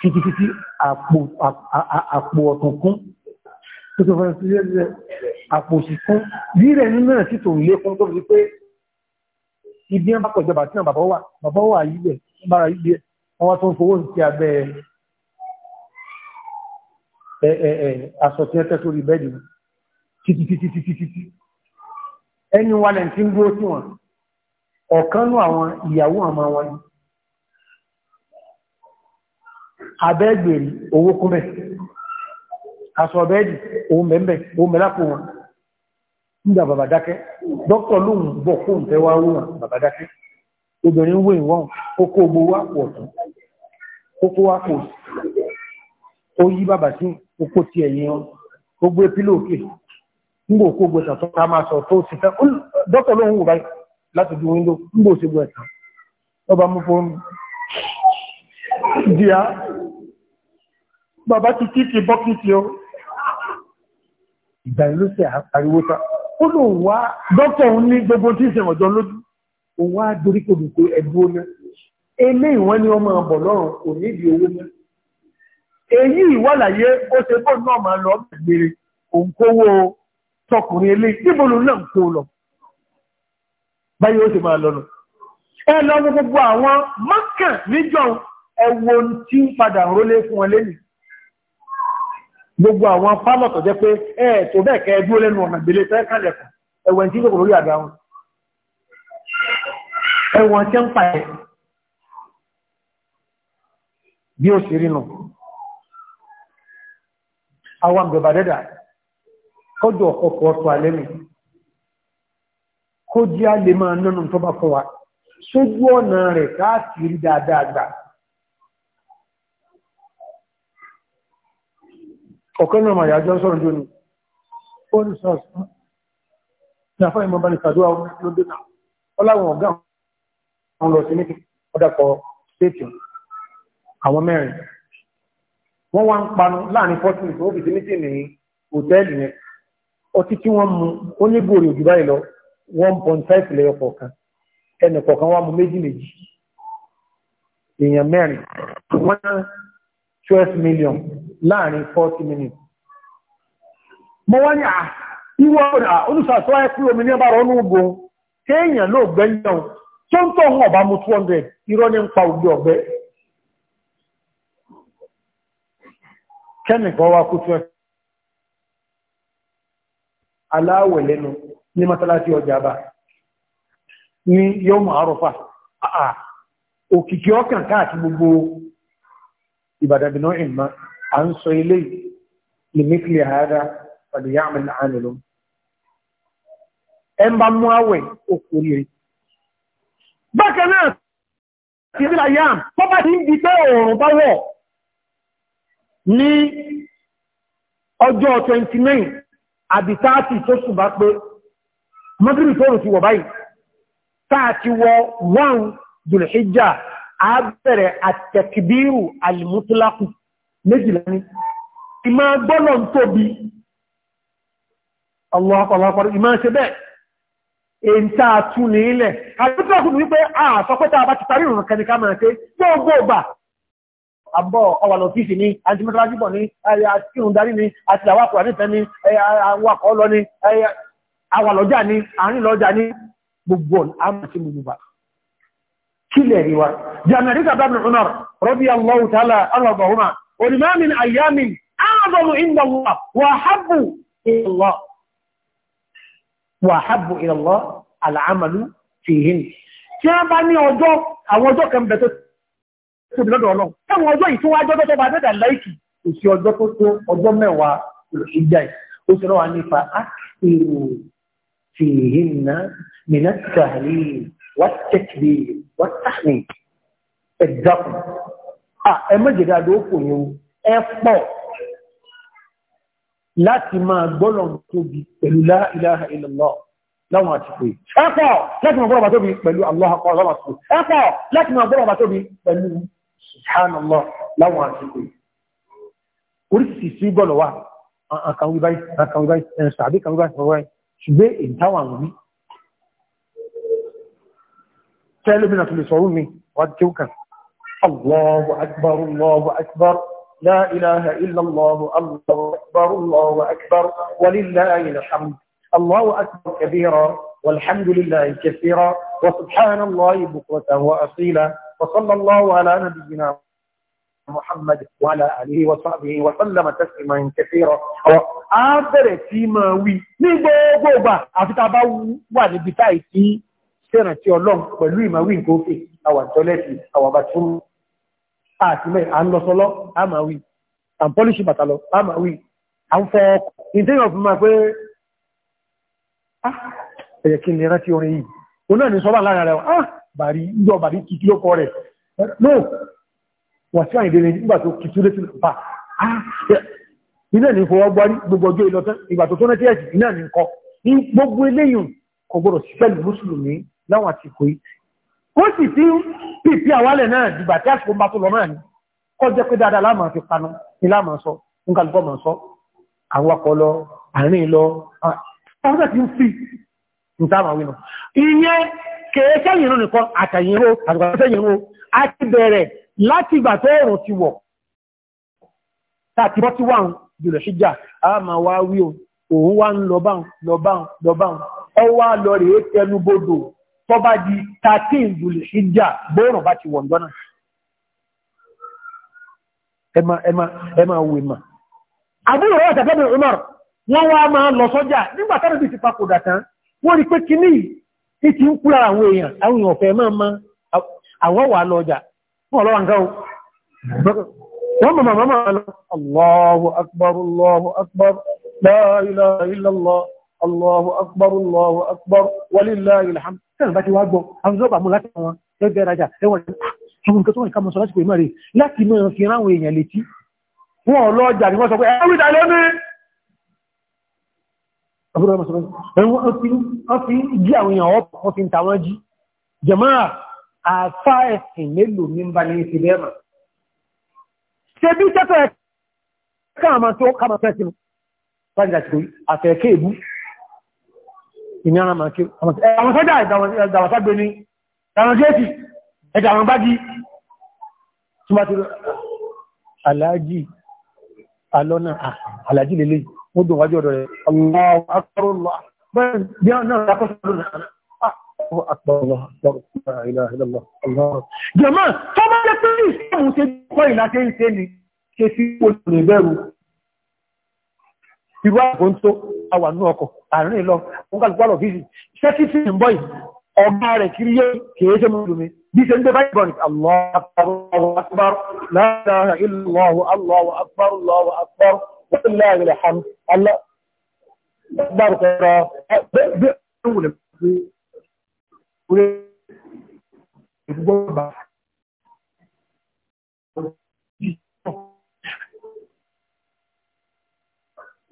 títítítí àpò ọ̀tún kún tó tó fẹ́ sí ẹ̀rẹ́ àpò òsì kún bí rẹ̀ nínú náà sì tòun lékún tó fi pé ibi ẹ̀ bá pọ̀ ìjọba tí náà bàbá wà bàbá wà yí bẹ̀ bára yí bẹ̀ wọ́n tó ń fowó sí abẹ́ aṣọ tí ẹ tẹ́ sórí bẹ́ẹ̀dì títítítítítítí ẹni wà lẹ́n tí ń dúró tí wọn ọ̀kanú àwọn ìyàwó àmà wọn ni abẹ́gbèrè owó kúmẹ̀ aṣọ ọ̀bẹ́ẹ̀dì ohun mẹ́mẹ́ ohun mẹ́lápò wọn nígbà bàbá dákẹ́ dókítà lóhun bọ̀ fóun tẹ́ wá wọ́n bàbá dákẹ́ obìnrin wé ìwọ̀n kókó ogbó wá pọ̀ tún kókó wá pọ̀ ó yí bàbá sí kókó ti ẹ̀yìn wọn gbogbo epílòkè ngbò kó gbèsè tó ká máa sọ tó ti fẹ́ dọ́tọ̀ ló ń wù báyìí láti ju wíńdò ngbò sí gbò ẹ̀sán ọba mú fóònù díà bàbá ti kíkì bọ́kìtì o ìgbà ìlú sí àríwó ta ó lò wá dọ́tọ̀ ń ní gbogbo tí ìṣẹ̀ ọ̀jọ́ lójú òun wá dorí kodò pé ẹ̀dú ó ná eléyìí wọ́n ní ọmọ ọ̀bọ̀ lọ́rùn kò nídìí owó ná èyí ìwàlàyé ó ṣe bóun náà máa lọ ọ́ tọkùnrin ilé níbòlò náà kó lọ báyìí ó sì máa lọ́nà ẹ lọ́nà gbogbo àwọn mọ́kàn níjọ ẹwọ tí ń padà rólé fún wọn lẹ́nu gbogbo àwọn pálọ̀ tó jẹ́ pé ẹ tó bẹ́ẹ̀ kẹ́ dúró lẹ́nu ọ̀nà ìgbélé fẹ́ kálẹ̀kùn ẹwọ̀n tí kòkòrò yàgá wọn kọjọ ọkọ̀ ọ̀tọ̀ alẹ́ mi kó jí á lè máa nánú tó bá fọ́ wa sójú ọ̀nà rẹ̀ káàkiri dáadáa gbà ọ̀kan náà màá yàjọ́ sọ̀rọ̀ jóni ó ní sọ́ọ̀sán ní afọ́ ìmọ̀ ní sàdúrà lóde náà ọláwọn ọ̀gá àwọn lọ sí ní ọ̀dàpọ̀ stéètì àwọn mẹ́rin wọ́n wá ń panu láàrin fọ́tún tó méjì ní hòtẹ́ẹ̀lì yẹn ọtí tí wọ́n mu ó ní gòrè òjò báyìí lọ one point five lẹ́yọ kọ̀ọ̀kan ẹnì kọ̀ọ̀kan wá mu méjì méjì èèyàn mẹ́rin wọ́n ná twelve million láàrin forty minutes. mo wá ní à ìwọ ọ̀dà olùsàtọ́ ẹ pé omi ní rọ two hundred irọ́ ní ń pa ọ̀gbẹ́ aláwẹ̀ lẹ́nu ní mọ́sálásí ọjà bá ní yọ́mù àrọ́fà àà òkìkí ọkàn káàkiri gbogbo ìbàdàbìnà ìmá a ń sọ ilé lèmíkìlì àádá pàdìyà àmìlà àmìlò ẹ ń bá mú àwẹ̀ òkúrí rí àbí táàtì tó sùn bá pé mọ́gírì tóòrù ti wọ̀ báyìí táàtì wọ wọ́n dùlẹ̀ṣíjà àbẹ̀rẹ̀ àtẹ̀kìbírù àlìmútúlákù méjìlá ìmá gbọ́nà tóbi ọlọ́pàá ìmá àbọ̀ ọwà lọ fífì ní antimọ́tàlájúbọ̀ ní àtìrùn darí ní àti àwàkọ̀ ànífẹ́ ní àwàkọ̀ lọ ní àwàlọ́jà ní àárín lọ́jà ní gbogbo àmàtí gbogbo kílẹ̀ rí wa jami'arika babin umar radiyallahu ta'ala arwagahuma onimamin ayyamin a'zamu inda Allah wa habbu ilallah wa habbu ilallah al'amalu fihin tí a bá ní ọjọ́ àwọn ọjọ́ kan bẹ̀tẹ̀ tóbi lọ́dọ̀ ọlọ́run táwọn ọjọ́ yìí tó wá jọ́jọ́ tó bá dẹ́dà láìkì kò sí ọjọ́ tó tó ọjọ́ mẹ́wàá ìjà yìí ó ti rán wa nípa ákìrò fìhìnà mìnàtàlì ẹ̀dàkùn ẹ méjèèjì àdó kò ẹ pọ̀ láti máa gbọ́lọ̀ tóbi pẹ̀lú la ilaha láwọn àtìkò ẹ̀pọ̀ láti máa gbọ́lọ̀ tóbi pẹ̀lú Allah akọ̀ ọ̀rọ̀ àtìkò ẹ̀pọ̀ láti máa gbọ́lọ̀ tóbi pẹ̀lú سبحان الله لو عندي ورسي سيبل وا كان وي باي كان وي باي سابي كان وي باي وي شبي ان تاوا وي تعلم انك اللي صوني وقد كوكا الله اكبر الله اكبر لا اله الا الله الله اكبر الله اكبر ولله الحمد الله اكبر كبيرا والحمد لله كثيرا وسبحان الله بكره واصيلا وصلى الله على نبينا محمد وعلى آله وصحبه وسلم تسليما كثيرا a bẹ̀rẹ̀ sí máa wí ní gbogbo ọgbà àfi tá a bá wà níbi táì tí ṣẹ́rántí ọlọ́run pẹ̀lú ìmọ̀wí ìgbókè àwọn tọ́lẹ́tì àwọn àbátún àti mẹ́ à ń lọ sọlọ́ a máa wí à ń pọ́líṣì bàtà lọ a máa wí à ń fọ ọkọ̀ ìdíyàn fún máa pé ah, ẹ̀yẹ kí ni rántí orin yìí òun náà ní sọ́bà lára rẹ̀ ah bari ìjọ bàrí kìkì lókọ rẹ̀ no wọ́n sí àyìndé lè nígbà tó kìkì lé sílùpá iná ní fọwọ́ gbárí gbogbo ọjọ́ ìlọ́tẹ́ ìgbà tó tó náà tíyẹ̀sì iná ní kọ́ ní gbogbo eléyìn kò gbọdọ̀ sí pẹ̀lú mùsùlùmí láwọn àsìkò yìí ó sì ti ń pìpì àwálẹ̀ náà dìgbà tí àsìkò ń bá tó lọ náà ni kọ́ jẹ́ pé dáadáa láàmà fi panu ní láàmà sọ nǹkan lùkọ́ mà sọ àwọn akọ lọ àárín lọ àwọn tí ń fi nǹkan àwọn ìyẹn kèéké ìrún nìkan àtàyìnró àtàyìnró a ti bẹ̀rẹ̀ láti ìgbà tó ti wọ̀ tàbí ti jùlọ sí jà a ma wá wí òun wá ń ọ wá lọ di 13 jùlọ sí jà bóòrùn ti wọ̀ ń gbọ́nà ema Àbúrò Umar, wọ́n wá máa lọ sọ́jà nígbàtàrí bí ti tán, wọ́n rí tí ti ń kú lára àwọn èèyàn àwọn ma àwọn wà lọ ọjà fún ọlọ́wà nǹkan o wọ́n mọ̀ mọ̀ mọ̀ lọ Allahu akbar Allahu akbar la ah, ni àbúrò ọmọ sọ́rọ̀ ẹ̀wọ́n fi jí àwọn èèyàn ọ̀pọ̀ fi ń ta wọ́n jí jẹ̀máà àfá ẹ̀sìn mélòó ní bá ní ìsìn lẹ́mà ṣe bí tẹ́tẹ́ káàmà tó káàmà fẹ́ sínú pàjá sí àfẹ́kẹ́ ìbú ìní ara màá kí àwọn sọ́jà ìdàwọ̀ságbé ní àwọn géètì ẹ̀dà àwọn bági aláàjì alọ́nà aláàjì lélẹ́yìí ó dùn wájú ọ̀dọ̀ rẹ̀ Allahu akbar Allah bẹ́ẹ̀ bí wọ́n náà lápá sọ́dọ̀ náà ah, Allahu akbar Allah la ilaha illallah Allah. jọ̀mọ́ tó bá jẹ́ pé ìsìnkú ṣe kọ́ ìlà ṣe ń ṣe ni ṣe sí olùrìn wallahi alhamd Allah gbàrúkọrọ bẹ́ẹ̀ wùlẹ̀ pé orí ìgbọ́ bá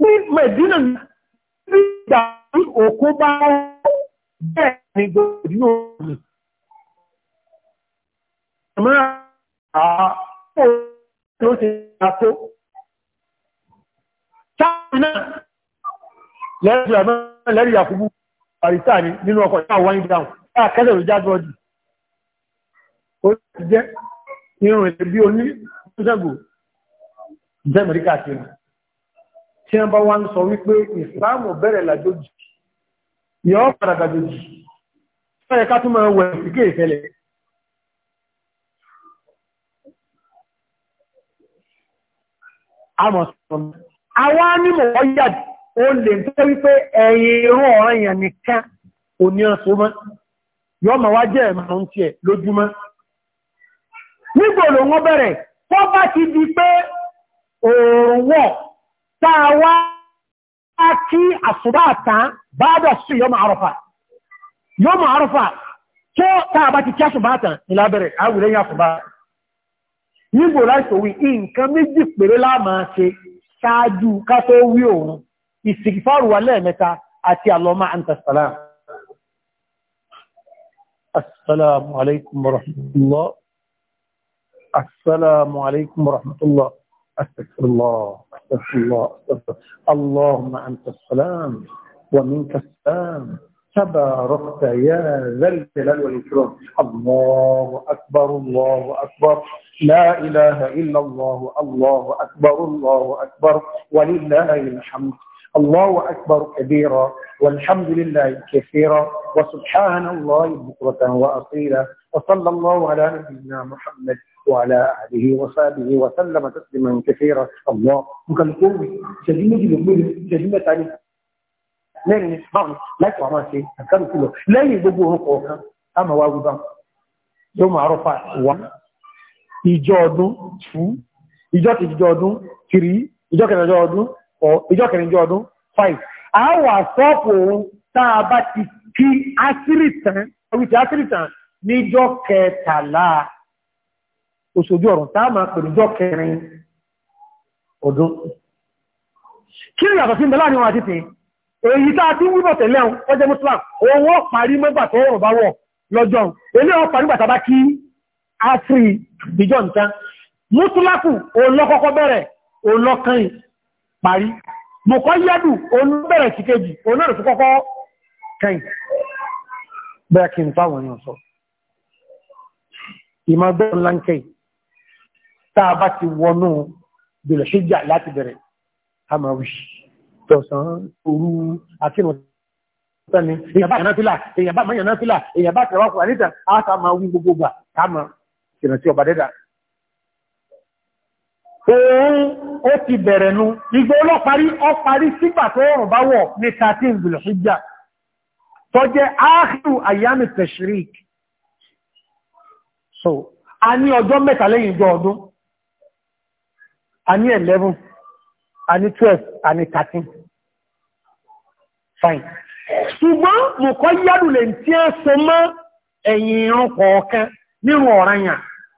ní mẹ̀dínà ní ìdàrí òkú bá bẹ́ẹ̀ ni gbòdínà òní táàmì náà lẹ́rì àkúgbù àríta ní nínú ọkọ̀ ìyá wáyé dáhùn láà kẹ́lẹ̀ ló já gọ́ọ̀dì ó jẹ́ irun ilẹ̀ bí oní ṣẹ́gbò jẹ́ mẹ́ríkà tí ó tí wọ́n bá wá ń sọ wípé ìsìláàmù bẹ̀rẹ̀ làjòjì yọ́ padà gàjòjì fẹ́rẹ̀ ká túnmọ̀ wẹ̀ ìké ìfẹ́lẹ̀ àmọ̀ sọ̀rọ̀ àwọn anímọ̀ ọ̀yàdì o lè tẹ́ wípé ẹ̀yìn irun onye èèyàn nìkan ò ní ọ̀sọ́ mọ́ yọ́ ma wá jẹ́ ẹ̀mọ̀ ń tiẹ̀ lójúmọ́ nígbò wọ́n bẹ̀rẹ̀ ti di pé òòrùn wọ̀ kí àsùbá bá dọ̀ sí yọ́mọ̀ ma àrọ̀fà ti káájú ká tó wí òun ìsìnkìfàrù wà lẹ́ẹ̀mẹ́ta àti àlọ́mà àǹtàṣàlá assalamu alaikum rahmatullah. assalamu alaikum warahmatullah astaghfirullah astaghfirullah astaghfirullah allahumma anta assalam wa minka assalam تباركت يا ذا الجلال والإكرام الله أكبر الله أكبر لا إله إلا الله الله أكبر الله أكبر ولله الحمد الله أكبر كبيرا والحمد لله كثيرا وسبحان الله بكرة وأصيلا وصلى الله على نبينا محمد وعلى آله وصحبه وسلم تسليما كثيرا الله ممكن نقول جريمة الأمور جريمة ثانية lẹ́yìn ní báwọn láti wà كله لا àkàrùkù lọ أما gbogbo يوم عرفة á ìjọ ọdún two ìjọ kejìjọ ọdún three ìjọ kẹjọ ọdún or ìjọ kẹjọ ọdún five àwọn àsọ́pù ohun tá a bá ti kí ásírì tán orí ti ásírì tán níjọ kẹtàlá oṣojú ọ̀rùn tá a máa pè níjọ kẹrin ọdún kí ni yàtọ̀ sí ìbẹ̀lá ni wọ́n àti tìí èyí tá a ti wíbọ̀ tẹ̀lẹ́ ọjọ́ muslim owó parí mọ́gbà tó rọ̀ bá wọ̀ lọ́jọ́ ilé wọn parí gbàtà bá kí asiri ìjọ nǹkan mútúlákù olókọ́kọ́ bẹ̀rẹ̀ olókànrin parí mọ̀kọ́ yẹ́dù olóbẹ̀rẹ̀ sí kejì olóòrùn fún kọ́kọ́ kẹyìn bẹ́ẹ̀ kí n fáwọn èèyàn sọ ìmọ̀gbọ́n láńkẹ́ tàà bá ti wọnú bèèrè ṣíjà láti bẹ̀rẹ̀ hamawi tọ̀sán òru akínú tẹ́ni èyàn bá yànnáfílà èyàn bá mọ́ yànnáfílà èyàn bá tẹ̀wọ́ ìrántí ọba dẹ́dà òun ó ti bẹ̀rẹ̀ nu ìgbà ọlọ́parí ọparí sígbà tó ọ̀rùn bá wọ̀ ní 13 Zulhijja tó jẹ́ áàkìrù àyàmì tashrik so a ní ọjọ́ mẹ́ta lẹ́yìn ìjọ ọdún a ní 11 a ní 12 a ní 13 fine ṣùgbọ́n mùkọ́ yádùn lè tí ẹ so mọ́ ẹ̀yìn ìrún kọ̀ọ̀kan nírun ọ̀ranyàn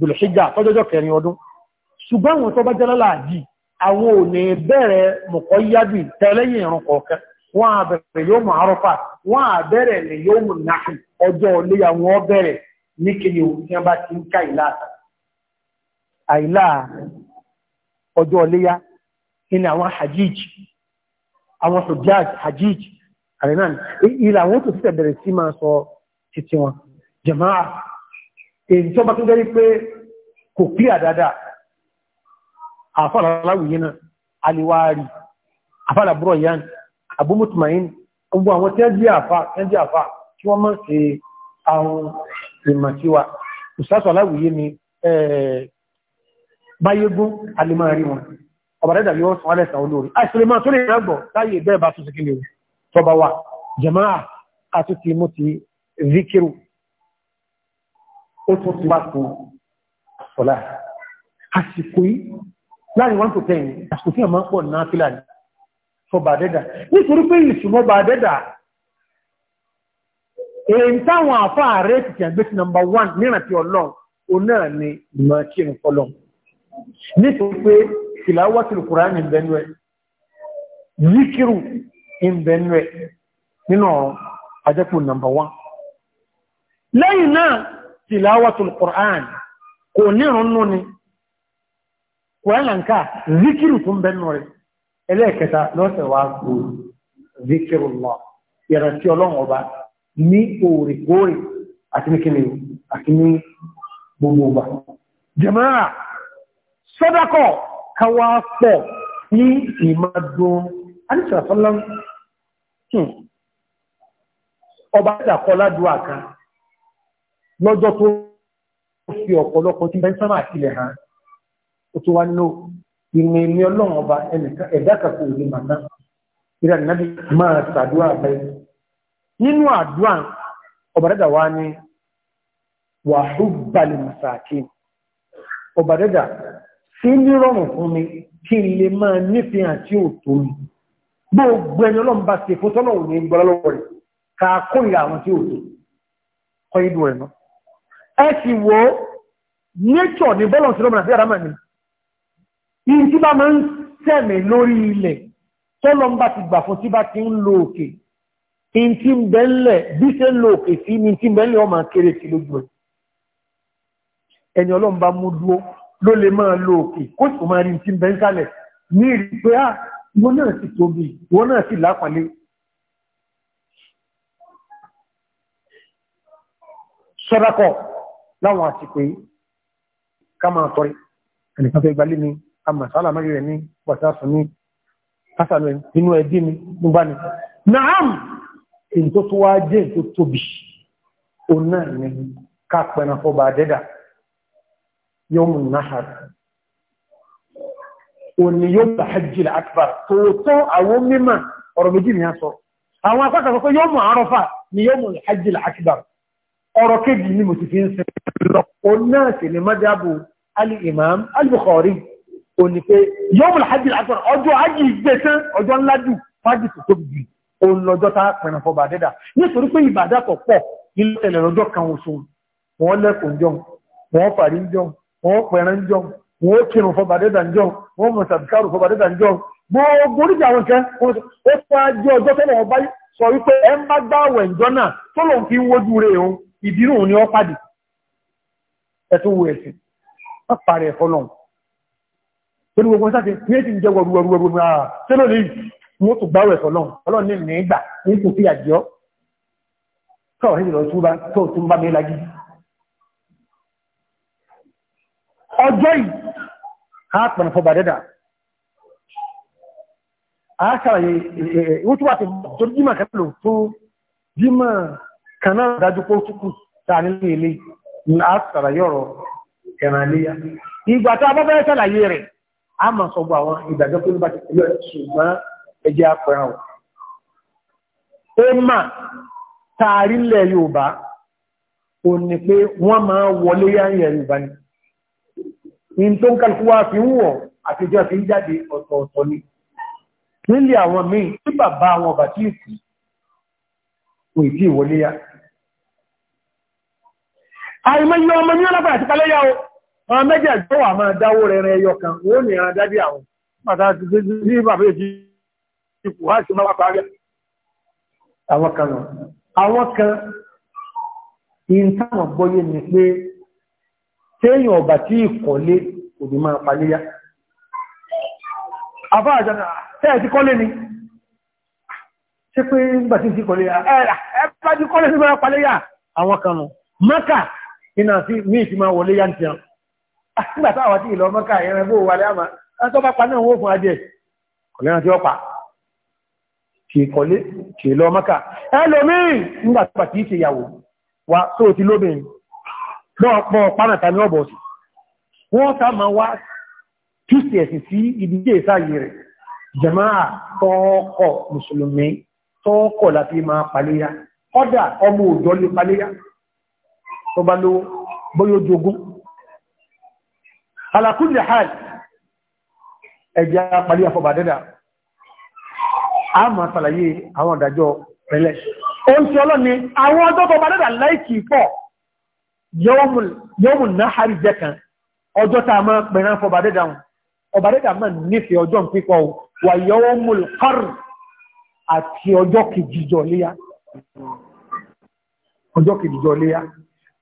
dùlùṣíjà tọ́jọ́jọ́ kẹrin ọdún ṣùgbọ́n wọn tó bá jẹ́ lálàájì àwọn ò ní bẹ̀rẹ̀ mọ̀kọ́ yábì tẹ́lẹ́yìn ìrun kọ̀ọ̀kẹ́ wọ́n á bẹ̀rẹ̀ yóò mọ̀ wọ́n yóò mọ̀ náà ọjọ́ ilé àwọn bẹ̀rẹ̀ ní kiri bá ti ń ká ìlà àìlà ọjọ́ ní àwọn hajj àwọn hajj èyí tó bá tó jẹ́ pé kò kí àdádá àfàlàláwìyí náà aliwari àfàlàbúrọ̀ yan abúmùtùmáyín gbogbo àwọn tí wọ́n jẹ́ àfà tí wọ́n máa ṣe àwọn ìmọ̀síwá ìsáṣọ́ aláwìyí ni eh, báyégún alimari wọn ọbàdẹ́dà yóò sọ alẹ́sà olóri àìsìlẹ̀mọ́ tó lè rẹ́gbọ̀ láyé bẹ́ẹ̀ bá tún sí kí lè tọba wa jẹ́máà àtútì mú ti ó tún ti wá fún ọ̀la àsìkò yìí láàrin one to ten àsìkò tí àmà ń pọ̀ náà fílà ní fọba àdẹ́dà nítorí pé ìsúnmọ́ bá àdẹ́dà èyí táwọn àfáà rẹ̀ ti tẹ̀ gbé sí nọmba one nírántí ọlọ́run ó náà ni ìmọ̀ kí n fọlọ́run nítorí pé tìláwọ́tì kùránì ń bẹnu ẹ̀ zikiru ń bẹnu ẹ̀ nínú ọ̀rọ̀ ajẹ́kù nọmba one lẹ́yìn náà tilawatul Qur'an kò ní ìrúnnú ni kòránlànká zikiru tún bẹ́nu rẹ̀ ẹlẹ́ẹ̀kẹta lọ́sẹ̀ wá kò zikiru lọ yẹ̀rọ tí ọlọ́run ọba ní òòrèkóòrè àti ní kíni àti ní gbogbo ọba jẹ̀mọ́ra sọ́dákọ̀ káwá pọ̀ ní ìmọ̀dún alìsàtọ́lọ́n hmm, ọba dàkọ́ ládùú àkàn lọ́jọ́ tó fi ọ̀pọ̀lọpọ̀ tí bẹ́ẹ̀ sábà tilẹ̀ hàn ó tó wá lò ìmọ̀ èmi ọlọ́run ọba ẹ̀dá kan kò lè màtá ìrìn ànábì máa ṣàdúrà bẹ́ẹ̀. nínú àdúrà ọba dẹ́dà wá ní wàhúbalì mùsàkì ọba dẹ́dà sí nírọ̀rùn fún mi kí n lè máa nífẹ̀ẹ́ àti òtò mi gbogbo ẹni ọlọ́run bá ṣe fún tọ́lọ́run ní gbọ́lọ́wọ́ rẹ̀ ká kórìíra àwọn tí òtò kọ́ ìdú ẹ̀ náà ẹ sì nature ní bọ́lọ̀ sí lọ́mọ̀nà àrámà ni yìí tí bá máa ń sẹ̀mẹ̀ lórí ilẹ̀ tọ́lọ ń bá ti gbà fún tí bá ti ń lo òkè in tí ń bẹ́ńlẹ̀ bí ṣe ń lo òkè sí ni tí ń bẹ́ńlẹ̀ ọmọ kéré sí lójú ẹ̀ ẹni láwọn àsìkò yìí ká máa tọrẹ ẹnìkan fẹ́ gbalé ni àmà sálà máa rẹ̀ ní wàtásùn ní pásàlù nínú ẹbí mi nígbà ni naam èyí tó tó wá jẹ́ èyí tó tóbi òun náà ni ká pẹran fọba àdẹ́dà yawm yóò bá hajjil akbar tòótọ́ àwọn mímọ̀ ọ̀rọ̀ méjì ni a sọ àwọn apákàtọ̀ pé yawm àrọ́fà ni yawm akbar ọ̀rọ̀ ni mo ti fi ń sẹ́yìn lọ náà sì ni mọ́dábù al-imam al-bukhari ò ní pé yawmul hajj al-akbar ọjọ́ ajì gbẹ̀sán ọjọ́ ńlá jù fájì tó tóbi jù òun lọ́jọ́ tá a pẹ̀rẹ̀ fọba dẹ́dà nítorí pé ìbàdà tó pọ̀ nílẹ̀ tẹ̀lẹ̀ lọ́jọ́ kan oṣù wọn lẹ́kùn jọun wọn fàrí ń jọun wọn pẹ̀rẹ̀ ń jọun wọn kírun fọba dẹ́dà ń jọun wọn mọ̀sàbíkárù fọba dẹ́dà ń jọun gbogbo oríṣi àwọn nǹkan ó fún ajé ọjọ́ tẹ́lẹ̀ ọba sọ wípé ẹ ń bá gbá àwẹ̀ ìjọ náà tó lòun fi ń wojú rẹ̀ òun ìbínú ni ó pàdé ẹ̀tún wo ẹ̀sìn wọ́n parẹ̀ ẹ̀fọ́lọ́n pẹ̀lú gbogbo sáti pẹ́ẹ̀tì ń jẹ́ wọ̀rúwọ̀rúwọ̀rú àà tẹ́lọ̀ lè wọ́n tó gbáwẹ̀ ẹ̀fọ́lọ́n ọlọ́run ní nígbà ní kò fi àjọ tọ́ọ̀ ní ìlọ́tún bá tó tún bá mi lágí ọjọ́ yìí a pẹ̀lú fọba dẹ́dà a ṣàlàyé ìwọ́n tó wà tó tó jímà kanáà lò tó jímà kanáà dájú pé ó láàtàrà yọ̀rọ̀ ẹ̀rànlẹ́yà ìgbà tó abọ́fẹ́ sàlàyé rẹ̀ a máa sọ gbọ́ àwọn ìdàgbẹ́ pé nígbà tí ó ṣùgbọ́n ẹjẹ́ apẹ̀ràn ọ̀ ó mà tààrí ilẹ̀ Yorùbá ò ní pé wọ́n máa wọlé yáyẹ̀ Yorùbá ni in tó ń kálukú wá fi ń wọ̀ àtijọ́ fi ń jáde ọ̀tọ̀ọ̀tọ̀ ni nílé àwọn míì tí bàbá àwọn bàtí ìsìn kò ì àìmọye ọmọ ní ọlọ́pàá àti kalẹ́yà o ọmọ méjì àjọ wà máa dáwó rẹ̀ rẹ̀ ẹyọ kan wọ́n ní ẹran dádì àwọn pàtà ti fi sí bàbá èjì ipò àti ọmọ wàpá rẹ̀ àwọn kan nà àwọn kan in táwọn gbọ́yé ni pé téèyàn ọba tí ìkọ̀lé kò ní máa paléyà ni ṣé pé ń gbà àwọn kan nà mọ́kà iná sí míì fi máa wọlé yá ní tiẹn ah, nígbà táwọn àti ìlọ mọ́ká ẹran bó wà láàmà ẹni tó bá pa náà wó fún adé ọ̀lẹ́ran tí ó pa kì í kọ́lé kì í lọ mọ́ká ẹlòmíì nígbà tó bá kì í ṣe ìyàwó wa tó ti lóbìn náà pọ̀ pánà tàbí ọ̀bọ̀ sí wọ́n sá máa wá kíṣì ẹ̀sìn sí ibi jẹ́ ìsáyé rẹ̀ jẹ̀máà tọ́ọ̀kọ̀ tó bá lówó bóyó jogún ala kulli hal ẹjẹ́ apàlí àfọ̀bàdẹ́dà a máa sàlàyé àwọn àdájọ́ pẹ̀lẹ̀ oun tí ọlọ́ni àwọn ọjọ́ tó bàdẹ́dà láìkì pọ̀ yọ́mù náà harí jẹ́ kan ọjọ́ tá a máa pẹ̀rẹ̀ àfọ̀bàdẹ́dà ọbàdẹ́dà máa nífẹ̀ẹ́ ọjọ́ pípọ̀ wà yọ́mù kọ́rù àti ọjọ́ kejìjọ léyá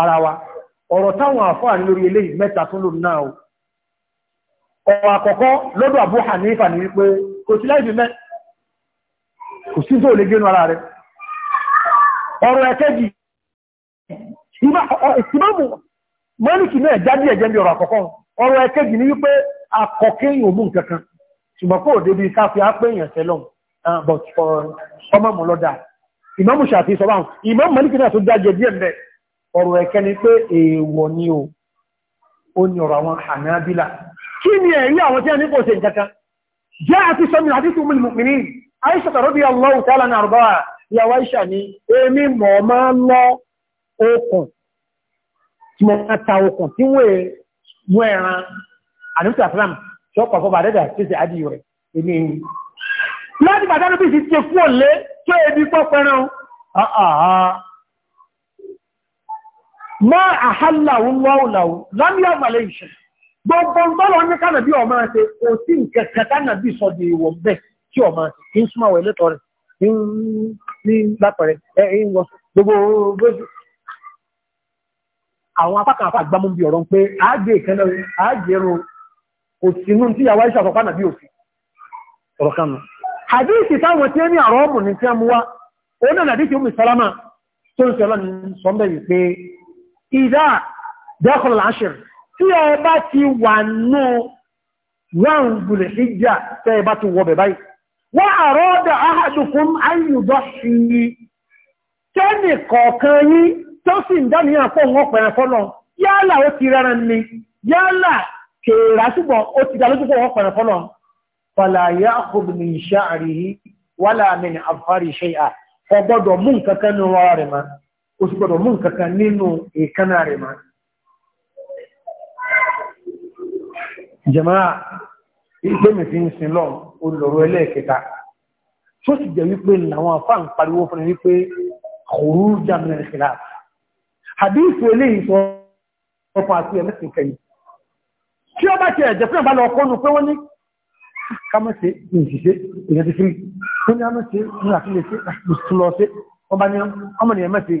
ara wa ọ̀rọ̀ táwọn àfáà lórí eléyìí mẹ́ta tó lòrùn náà o ọ̀rọ̀ àkọ́kọ́ lọ́dọ̀ Abu Hanifa ní wípé kò sí láìbí mẹ́ kò sí tó lè gẹ́nu ara rẹ̀ ọ̀rọ̀ ẹ̀kẹ́jì ìmáàmù mọ́lìkì náà jáde ẹ̀jẹ́ bí ọ̀rọ̀ àkọ́kọ́ ọ̀rọ̀ ẹ̀kẹ́jì ọ̀rọ̀ ẹ̀kẹ́ ni pé èèwọ̀ ni o ó ní ọ̀rọ̀ àwọn Hanabila kí ni ẹ̀rí àwọn tí a ní kò ṣe nǹkankan jẹ́ àti sọmi àti tí ummul mu'minin Aisha tàbí Allahu ta'ala náà rọ̀bá ìyàwó Aisha ni èmi mọ̀ máa ń lọ okùn tí mo máa ta okùn tí ó pàfọ́ bàdẹ́dà tí bí ti ṣe fún òlé ma àhálàwò lọ́wọ́láwò lámíà malaysia gbogbo gbọ́lọ̀ ní kánàbí ọmọ ṣe kò tí ń kẹ̀kẹ́ sọ di ìwọ̀ bẹ́ tí ọmọ ṣe ń súnmọ́ wẹ̀ lẹ́tọ̀ rẹ̀ ní lápẹ̀rẹ̀ ẹ̀yìn wọ gbogbo gbogbo àwọn apákan apá àgbámú bí ọ̀rọ̀ pé àágbé ìkẹ́lẹ̀ àágbèrò òsínú tí yàwá iṣẹ́ ọ̀pá nàbí òfin ọ̀rọ̀ kanu hadithi táwọn tí ó ní àrọ́ ọ̀mù ní tí a mú wá ó náà ó mi ìdá dẹ́kọ̀lá láṣẹ̀ tí ẹ bá ti wà nù wọ́n gbùlẹ̀ ìjà tẹ́ ẹ bá ti wọ bẹ̀ báyìí wọ́n àrọ́dà áhàdùkún ayùdọ́ sí i kẹ́nì kọ̀ọ̀kan yín tó sì ń dáni àpò wọn pẹ̀rẹ̀ fọ́lọ̀ yálà ó ti rẹ́ran ni mú nǹkan kan ní wọn rẹ̀ máa o sì gbọdọ̀ mú nǹkan kan nínú èékánná rẹ̀ máa jẹ̀máà ìgbé mi fi ń sin lọ olùrọ̀ ẹlẹ́ẹ̀kẹta tó sì jẹ́ wípé làwọn afá ń pariwo fún mi wípé kòrú jàmìnà ìṣẹ̀lá àdíìsù eléyìí sọ ọkọ̀ àti ẹ̀mẹ́sìn kẹyìn tí ó bá ti ẹ̀jẹ̀ fún ìbálọ̀ ọkọ̀nù pé wọ́n ní sí ni ẹ̀mẹ́sìn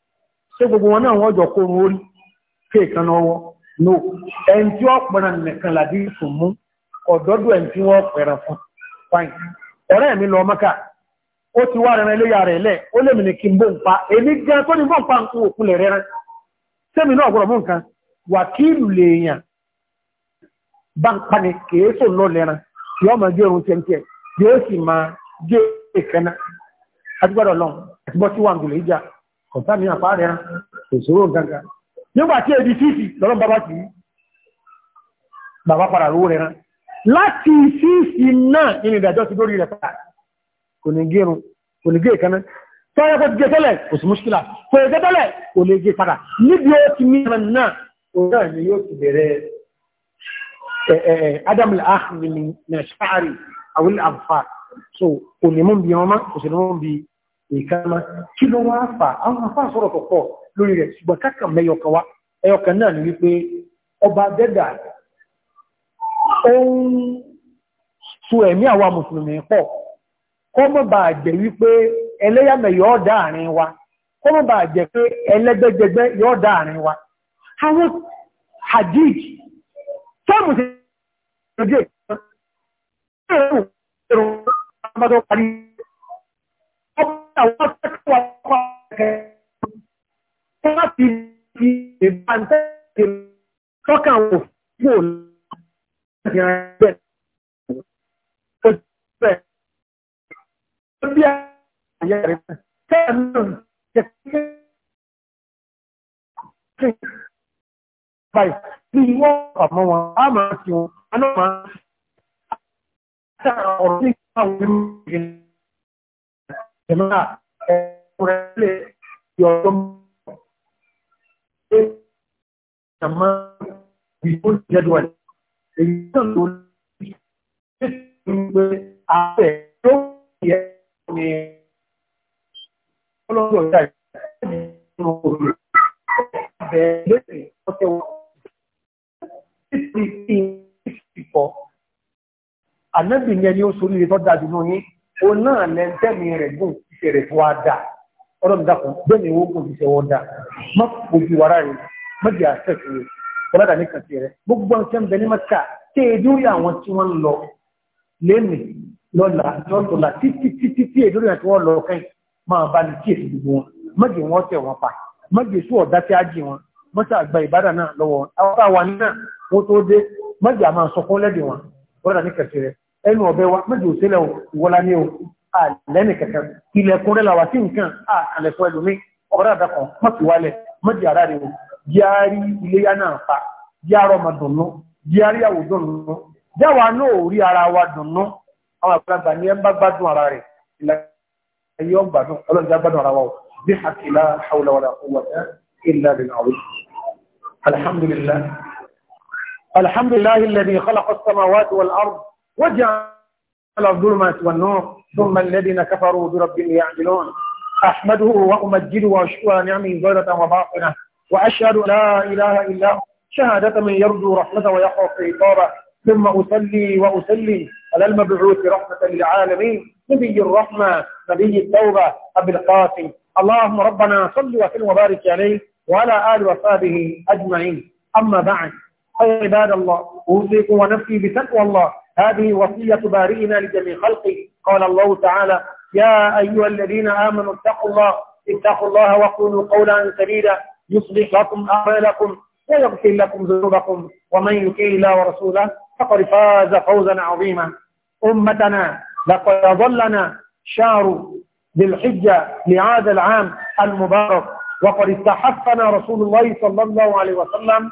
ṣé gbogbo wọn náà wọ́n jọ kórun orí kéèkan lọ́wọ́ no ẹni tí wọ́n pẹ̀rẹ̀ nìkan làdí fún mú ọ̀dọ́dọ̀ ẹni tí wọ́n pẹ̀rẹ̀ fún fine ọ̀rẹ́ mi lọ mọ́kà ó ti wá rẹran iléyà rẹ̀ lẹ̀ ó lè mìíràn kí n bó ń pa èmi gan tó ní bó ń pa nǹkan òkú lè rẹran sẹ́mi náà gbọ́dọ̀ mú nǹkan wàkíìlù lèèyàn bá ń pani kèéso lọ lẹ́ran yóò máa gé irun tẹ́ntẹ́ yóò sì máa gé èkánná àti gbọ́dọ̀ lọ àti bọ́ sí wàǹgùlẹ̀ ìjà kọ̀tá ní àpáàrẹ ìṣòro gaga nígbà tí ebi fífì lọ́rọ̀ bàbá sí bàbá padà rówó rẹ̀ rán láti fífì náà nínú ìdájọ́ ti lórí rẹ̀ padà kò ní gẹ́rùn kò ní gẹ́ ìkaná tọ́yẹ́ kò gẹ́ tẹ́lẹ̀ kò sí múṣkílà kò gẹ́ tẹ́lẹ̀ kò lè gẹ́ padà níbi ó ti mìíràn náà òun náà ni adam al-akhmi min sha'ri aw al-abfar so kò ní mú bí wọn má kò ìkàmá kí ló a fà afa soro sọ̀rọ̀ lori rẹ̀ ṣùgbọ́n kákan mẹ́yọkan wá náà ni wípé ọba dẹ́dà ó ń so ẹ̀mí àwa mùsùlùmí pọ̀ kó mọ́ bàá wípé ẹlẹ́yàmẹ̀ yọ́ dá wa kó mọ́ bàá jẹ́ pé ẹlẹ́gbẹ́jẹgbẹ́ wa àwọn akẹ́kọ̀ọ́ òun jẹ̀mọ́ra ẹ̀kúnrẹ́ lè yọ ọdún mọ́ jẹ̀mọ́ ìbò jẹ́dùn ẹ̀ èyí náà ló ń gbé ààrẹ tó yẹ ní ọlọ́rọ̀ ìjà ìjọba òru bẹ̀rẹ̀ lẹ́sẹ̀ ọ̀tẹ̀ wọn. Títí tí ìfọ̀, ànábì ni ẹni ó sorí ìtọ́jà jù náà yín òun náà lẹ́ńtẹ́mi rẹ̀ gùn iṣẹ́ rẹ̀ fún wa dà ọlọ́run dàkún bẹ́ẹ̀ ni owó kò fi ṣe wọ́n dà má gbogbo wàrà rẹ̀ má di àṣẹ̀kù rẹ̀ ọlọ́dà ní kàtí rẹ̀ gbogbo ọ̀n sẹ́ńbẹ̀ ní mẹ́ta tẹ́ ẹ dúró àwọn tí wọ́n lọ lẹ́nu lọ́la lọ́la títí títí tí ẹ dúró àwọn tí wọ́n lọ kẹ́ máa bá ní kíyèsí gbogbo wọn má jẹ́ wọ́n tẹ̀ wọ́n pa má jẹ́ sùn ọ̀dá tí a jì wọn má gba ìbádà náà lọ́wọ́ àwọn àwọn náà wọ́n tó dé má jẹ́ àmà sọkún lẹ́dí wọn ọlọ́dà ní kàtí rẹ̀ ẹnu ọ̀bẹ wa méjì ò sílẹ̀ wọlá ní o àlẹ́nì kẹ̀kẹ́ ilẹ̀kùn rẹ̀ làwà sí nǹkan àkàlẹ̀kùn ẹlòmí ọ̀rẹ́ àdàkọ̀ mọ́tì wálẹ̀ mọ́tì ara rẹ̀ yáárí iléyá náà pa yáárọ̀ ma dùnnú yáárí àwò dùnnú jáwa náà rí ara wa dùnnú àwọn àgbàlagbà ní ẹ ń bá gbádùn ara rẹ̀ ìlàyé ọgbàdùn ọlọ́jà gbádùn ara wa bí hakila hawla wala quwwata illa billah alhamdulillah alhamdulillah alladhi khalaqa as-samawati wal ardh وجعل الظلمات والنور ثم الذين كفروا بربهم يعدلون أحمده وأمجده وأشكر نعمه ظاهرة وباطنة وأشهد لا إله إلا هو شهادة من يرجو رحمته ويخاف عقابه ثم أصلي وأسلم على المبعوث رحمة للعالمين نبي الرحمة نبي التوبة أبي القاسم اللهم ربنا صل وسلم وبارك عليه وعلى آل وصحبه أجمعين أما بعد عباد الله أوصيكم ونفسي بتقوى الله هذه وصية بارئنا لجميع خلقه قال الله تعالى يا أيها الذين آمنوا اتقوا الله اتقوا الله وقولوا قولا سديدا يصلح لكم أعمالكم ويغفر لكم ذنوبكم ومن يطع الله ورسوله فقد فاز فوزا عظيما أمتنا لقد أظلنا شهر ذي الحجة لهذا العام المبارك وقد استحقنا رسول الله صلى الله عليه وسلم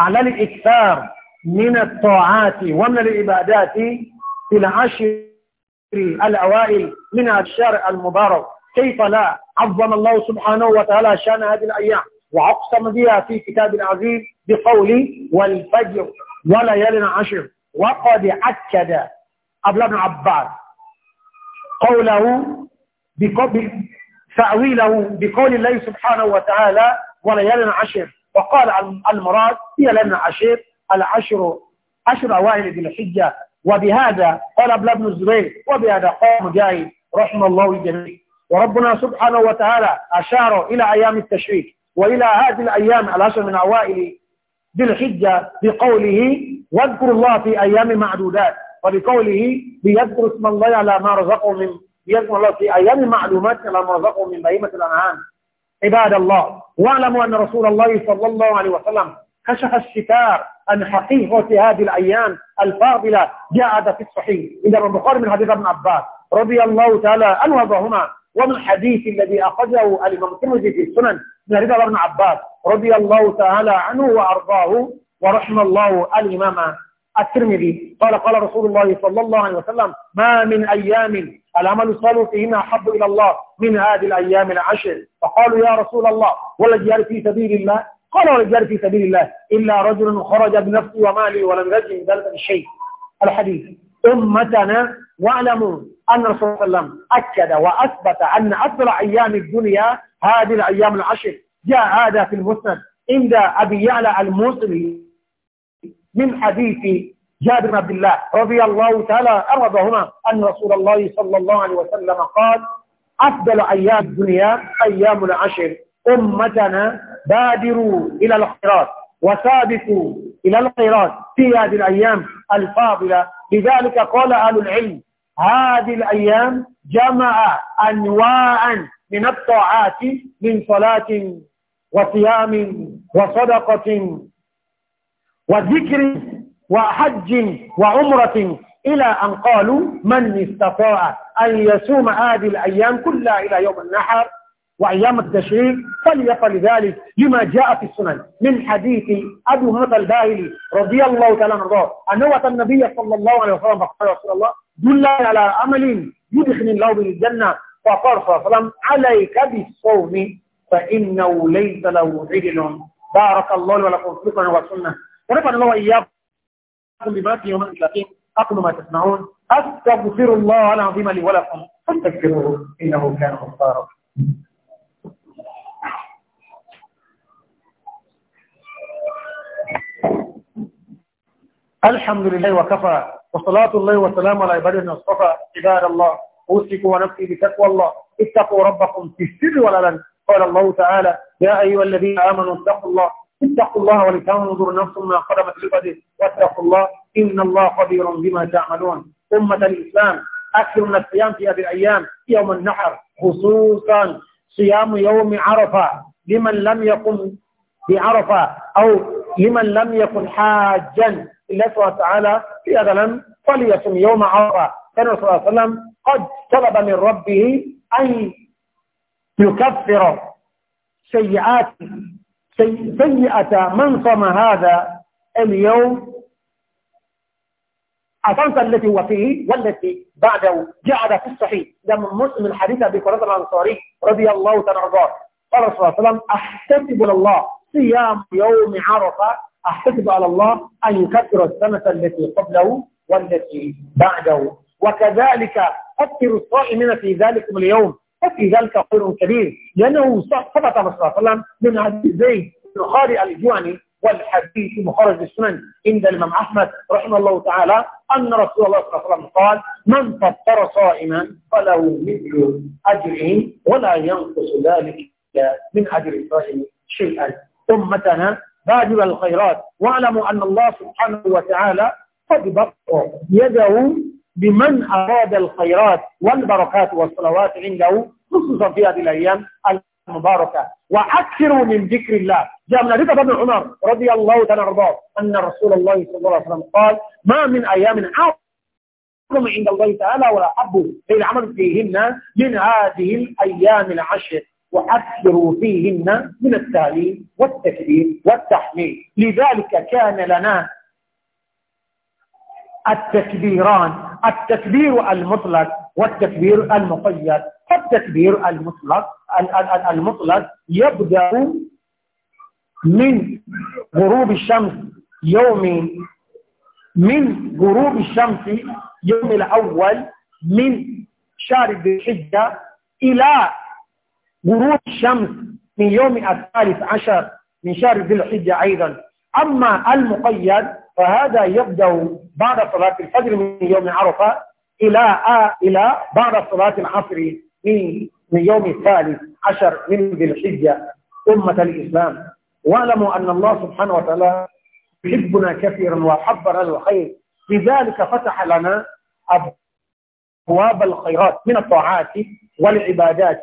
على الإكثار من الطاعات ومن العبادات في العشر الأوائل من الشارع المبارك كيف لا عظم الله سبحانه وتعالى شان هذه الأيام وأقسم بها في كتاب العزيز بقوله والفجر وليالي عشر وقد أكد قبل ابن عباس قوله تأويله بقول الله سبحانه وتعالى وليالي عشر وقال المراد هي لنا عشر العشر عشر أوائل ذي الحجة وبهذا قال ابن ابن الزبير وبهذا قال مجاهد رحم الله الجميع وربنا سبحانه وتعالى أشار إلى أيام التشريك وإلى هذه الأيام العشر من أوائل ذي الحجة بقوله واذكر الله في أيام معدودات وبقوله ليذكر اسم الله على ما رزقه من ليذكر الله في أيام معلومات على ما رزقه من بهيمة الأنعام عباد الله واعلموا أن رسول الله صلى الله عليه وسلم كشف الستار عن حقيقة هذه الأيام الفاضلة جاء هذا في الصحيح إذا البخاري من حديث ابن عباس رضي الله تعالى عنه وارضاهما ومن الحديث الذي أخذه الإمام الترمذي في السنن من حديث ابن عباس رضي الله تعالى عنه وأرضاه ورحم الله الإمام الترمذي قال قال رسول الله صلى الله عليه وسلم ما من أيام العمل الصالح فيهما أحب إلى الله من هذه الأيام العشر فقالوا يا رسول الله والذي في سبيل الله قال والجار في سبيل الله إلا رجل خرج بنفسه وماله ولم يجد من ذلك الشيء الحديث أمتنا واعلموا أن رسول الله صلى الله عليه وسلم أكد وأثبت أن أسرع أيام الدنيا هذه الأيام العشر جاء هذا في المسند عند أبي يعلى الموصلي من حديث جابر بن عبد الله رضي الله تعالى أرضهما أن رسول الله صلى الله عليه وسلم قال أفضل أيام الدنيا أيام العشر أمتنا بادروا إلى الخيرات وسابقوا إلى الخيرات في هذه الأيام الفاضلة لذلك قال أهل العلم هذه الأيام جمع أنواعا من الطاعات من صلاة وصيام وصدقة وذكر وحج وعمرة إلى أن قالوا من استطاع أن يصوم هذه الأيام كلها إلى يوم النحر وأيام التشريق فليقل ذلك لما جاء في السنن من حديث أبي هريرة الباهلي رضي الله تعالى عنه أنه أتى النبي صلى الله عليه وسلم فقال رسول الله دل على عمل يدخل الله به الجنة فقال صلى الله عليه وسلم عليك بالصوم فإنه ليس له عدل بارك الله ولكم في القرآن والسنة الله إياكم بما في يوم الثلاثين أقل ما تسمعون أستغفر الله العظيم لي ولكم فاستغفروه إنه كان غفارا الحمد لله وكفى وصلاة الله وسلام على عباده المصطفى عباد الله أوصيكم ونفسي بتقوى الله اتقوا ربكم في السر والعلن قال الله تعالى يا أيها الذين آمنوا اتقوا الله اتقوا الله ولتنظر نفس ما قدمت لغد واتقوا الله إن الله خبير بما تعملون أمة الإسلام أكثر من الصيام في هذه الأيام يوم النحر خصوصا صيام يوم عرفة لمن لم يقم بعرفة أو لمن لم يكن حاجا الله تعالى في هذا لم فليصم يوم عرفة كان صلى الله عليه وسلم قد طلب من ربه أن يكفر سيئات سيئة من صم هذا اليوم أفنت التي هو فيه والتي بعده جعل في الصحيح لما مسلم الحديث أبي قرآن الأنصاري رضي الله تنرضاه قال صلى الله عليه وسلم أحتسب لله صيام يوم عرفة أحسب على الله أن يكثر السنة التي قبله والتي بعده وكذلك أكثر الصائمين في ذلكم اليوم ففي ذلك خير كبير لأنه ثبت صلى الله عليه وسلم من عبد زيد بن خالد الجواني والحديث مخرج السنن عند الإمام أحمد رحمه الله تعالى أن رسول الله صلى الله عليه وسلم قال من فطر صائما فله مثل أجره ولا ينقص ذلك من أجر الصائم شيئا أمتنا بادر الخيرات واعلموا أن الله سبحانه وتعالى قد بقى يده بمن أراد الخيرات والبركات والصلوات عنده خصوصا في هذه الأيام المباركة وأكثروا من ذكر الله جاء من حديث بن عمر رضي الله تعالى عنه أن رسول الله صلى الله عليه وسلم قال ما من أيام عظم عند الله تعالى ولا أحب العمل فيهن من هذه الأيام العشر وأكثروا فيهن من التعليم والتكبير والتحميل لذلك كان لنا التكبيران التكبير المطلق والتكبير المقيد التكبير المطلق المطلق يبدأ من غروب الشمس يوم من غروب الشمس يوم الأول من شهر ذي الحجة إلى غروب الشمس من يوم الثالث عشر من شهر ذي الحجة أيضا أما المقيد فهذا يبدأ بعد صلاة الفجر من يوم عرفة إلى إلى بعد صلاة العصر من من يوم الثالث عشر من ذي الحجة أمة الإسلام واعلموا أن الله سبحانه وتعالى يحبنا كثيرا وحبنا الخير لذلك فتح لنا أبواب ثواب الخيرات من الطاعات والعبادات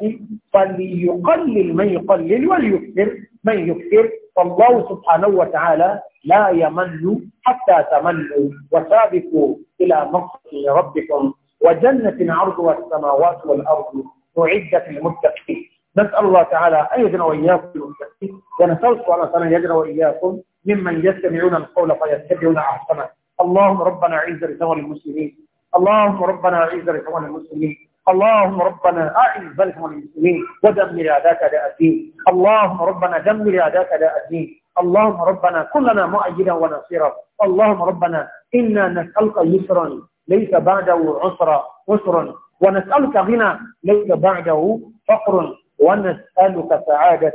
فليقلل من يقلل وليكثر من يكثر فالله سبحانه وتعالى لا يمن حتى تمنوا وسابقوا إلى مقصد ربكم وجنة عرضها السماوات والأرض أعدت للمتقين نسأل الله تعالى أن يجعلنا وإياكم المتقين ونسأل الله تعالى أن يجعلنا وإياكم ممن يستمعون القول فيتبعون أحسنه اللهم ربنا أعز الاسلام والمسلمين اللهم ربنا أعز الإخوان المسلمين اللهم ربنا أعز الإخوان المسلمين ودمر أعداءك أداء الدين اللهم ربنا دمر أعداءك أداء الدين اللهم ربنا كلنا مؤيدا ونصيرا اللهم ربنا إنا نسألك يسرا ليس بعده عسرا عسرا ونسألك غنى ليس بعده فقر ونسألك سعادة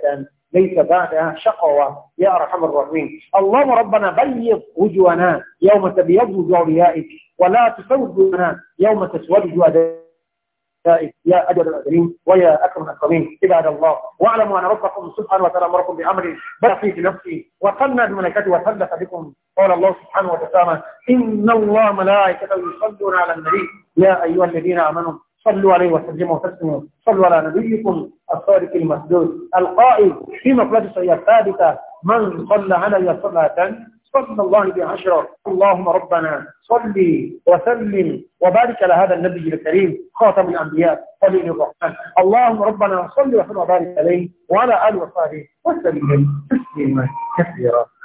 ليس بعدها شقوة يا أرحم الراحمين اللهم ربنا بيض وجوهنا يوم تبيض وجوه أوليائك ولا تسود وجوهنا يوم تسود وجوه يا أجل الأجلين ويا أكرم الأكرمين عباد الله واعلموا أن ربكم سبحانه وتعالى أمركم بأمري بقي في نفسي وصلنا بملائكته وثلث بكم قال الله سبحانه وتعالى إن الله ملائكته يصلون على النبي يا أيها الذين آمنوا صلوا عليه وسلموا وتسلموا صلوا على نبيكم الصادق المسدود القائل في مقلة سيئة ثابتة من صلى علي صلاة صلى الله بعشرة اللهم ربنا صلي وسلم وبارك على هذا النبي الكريم خاتم الأنبياء خليل الرحمن اللهم ربنا صلي وسلم وبارك عليه وعلى آله وصحبه وسلم تسليما كثيرا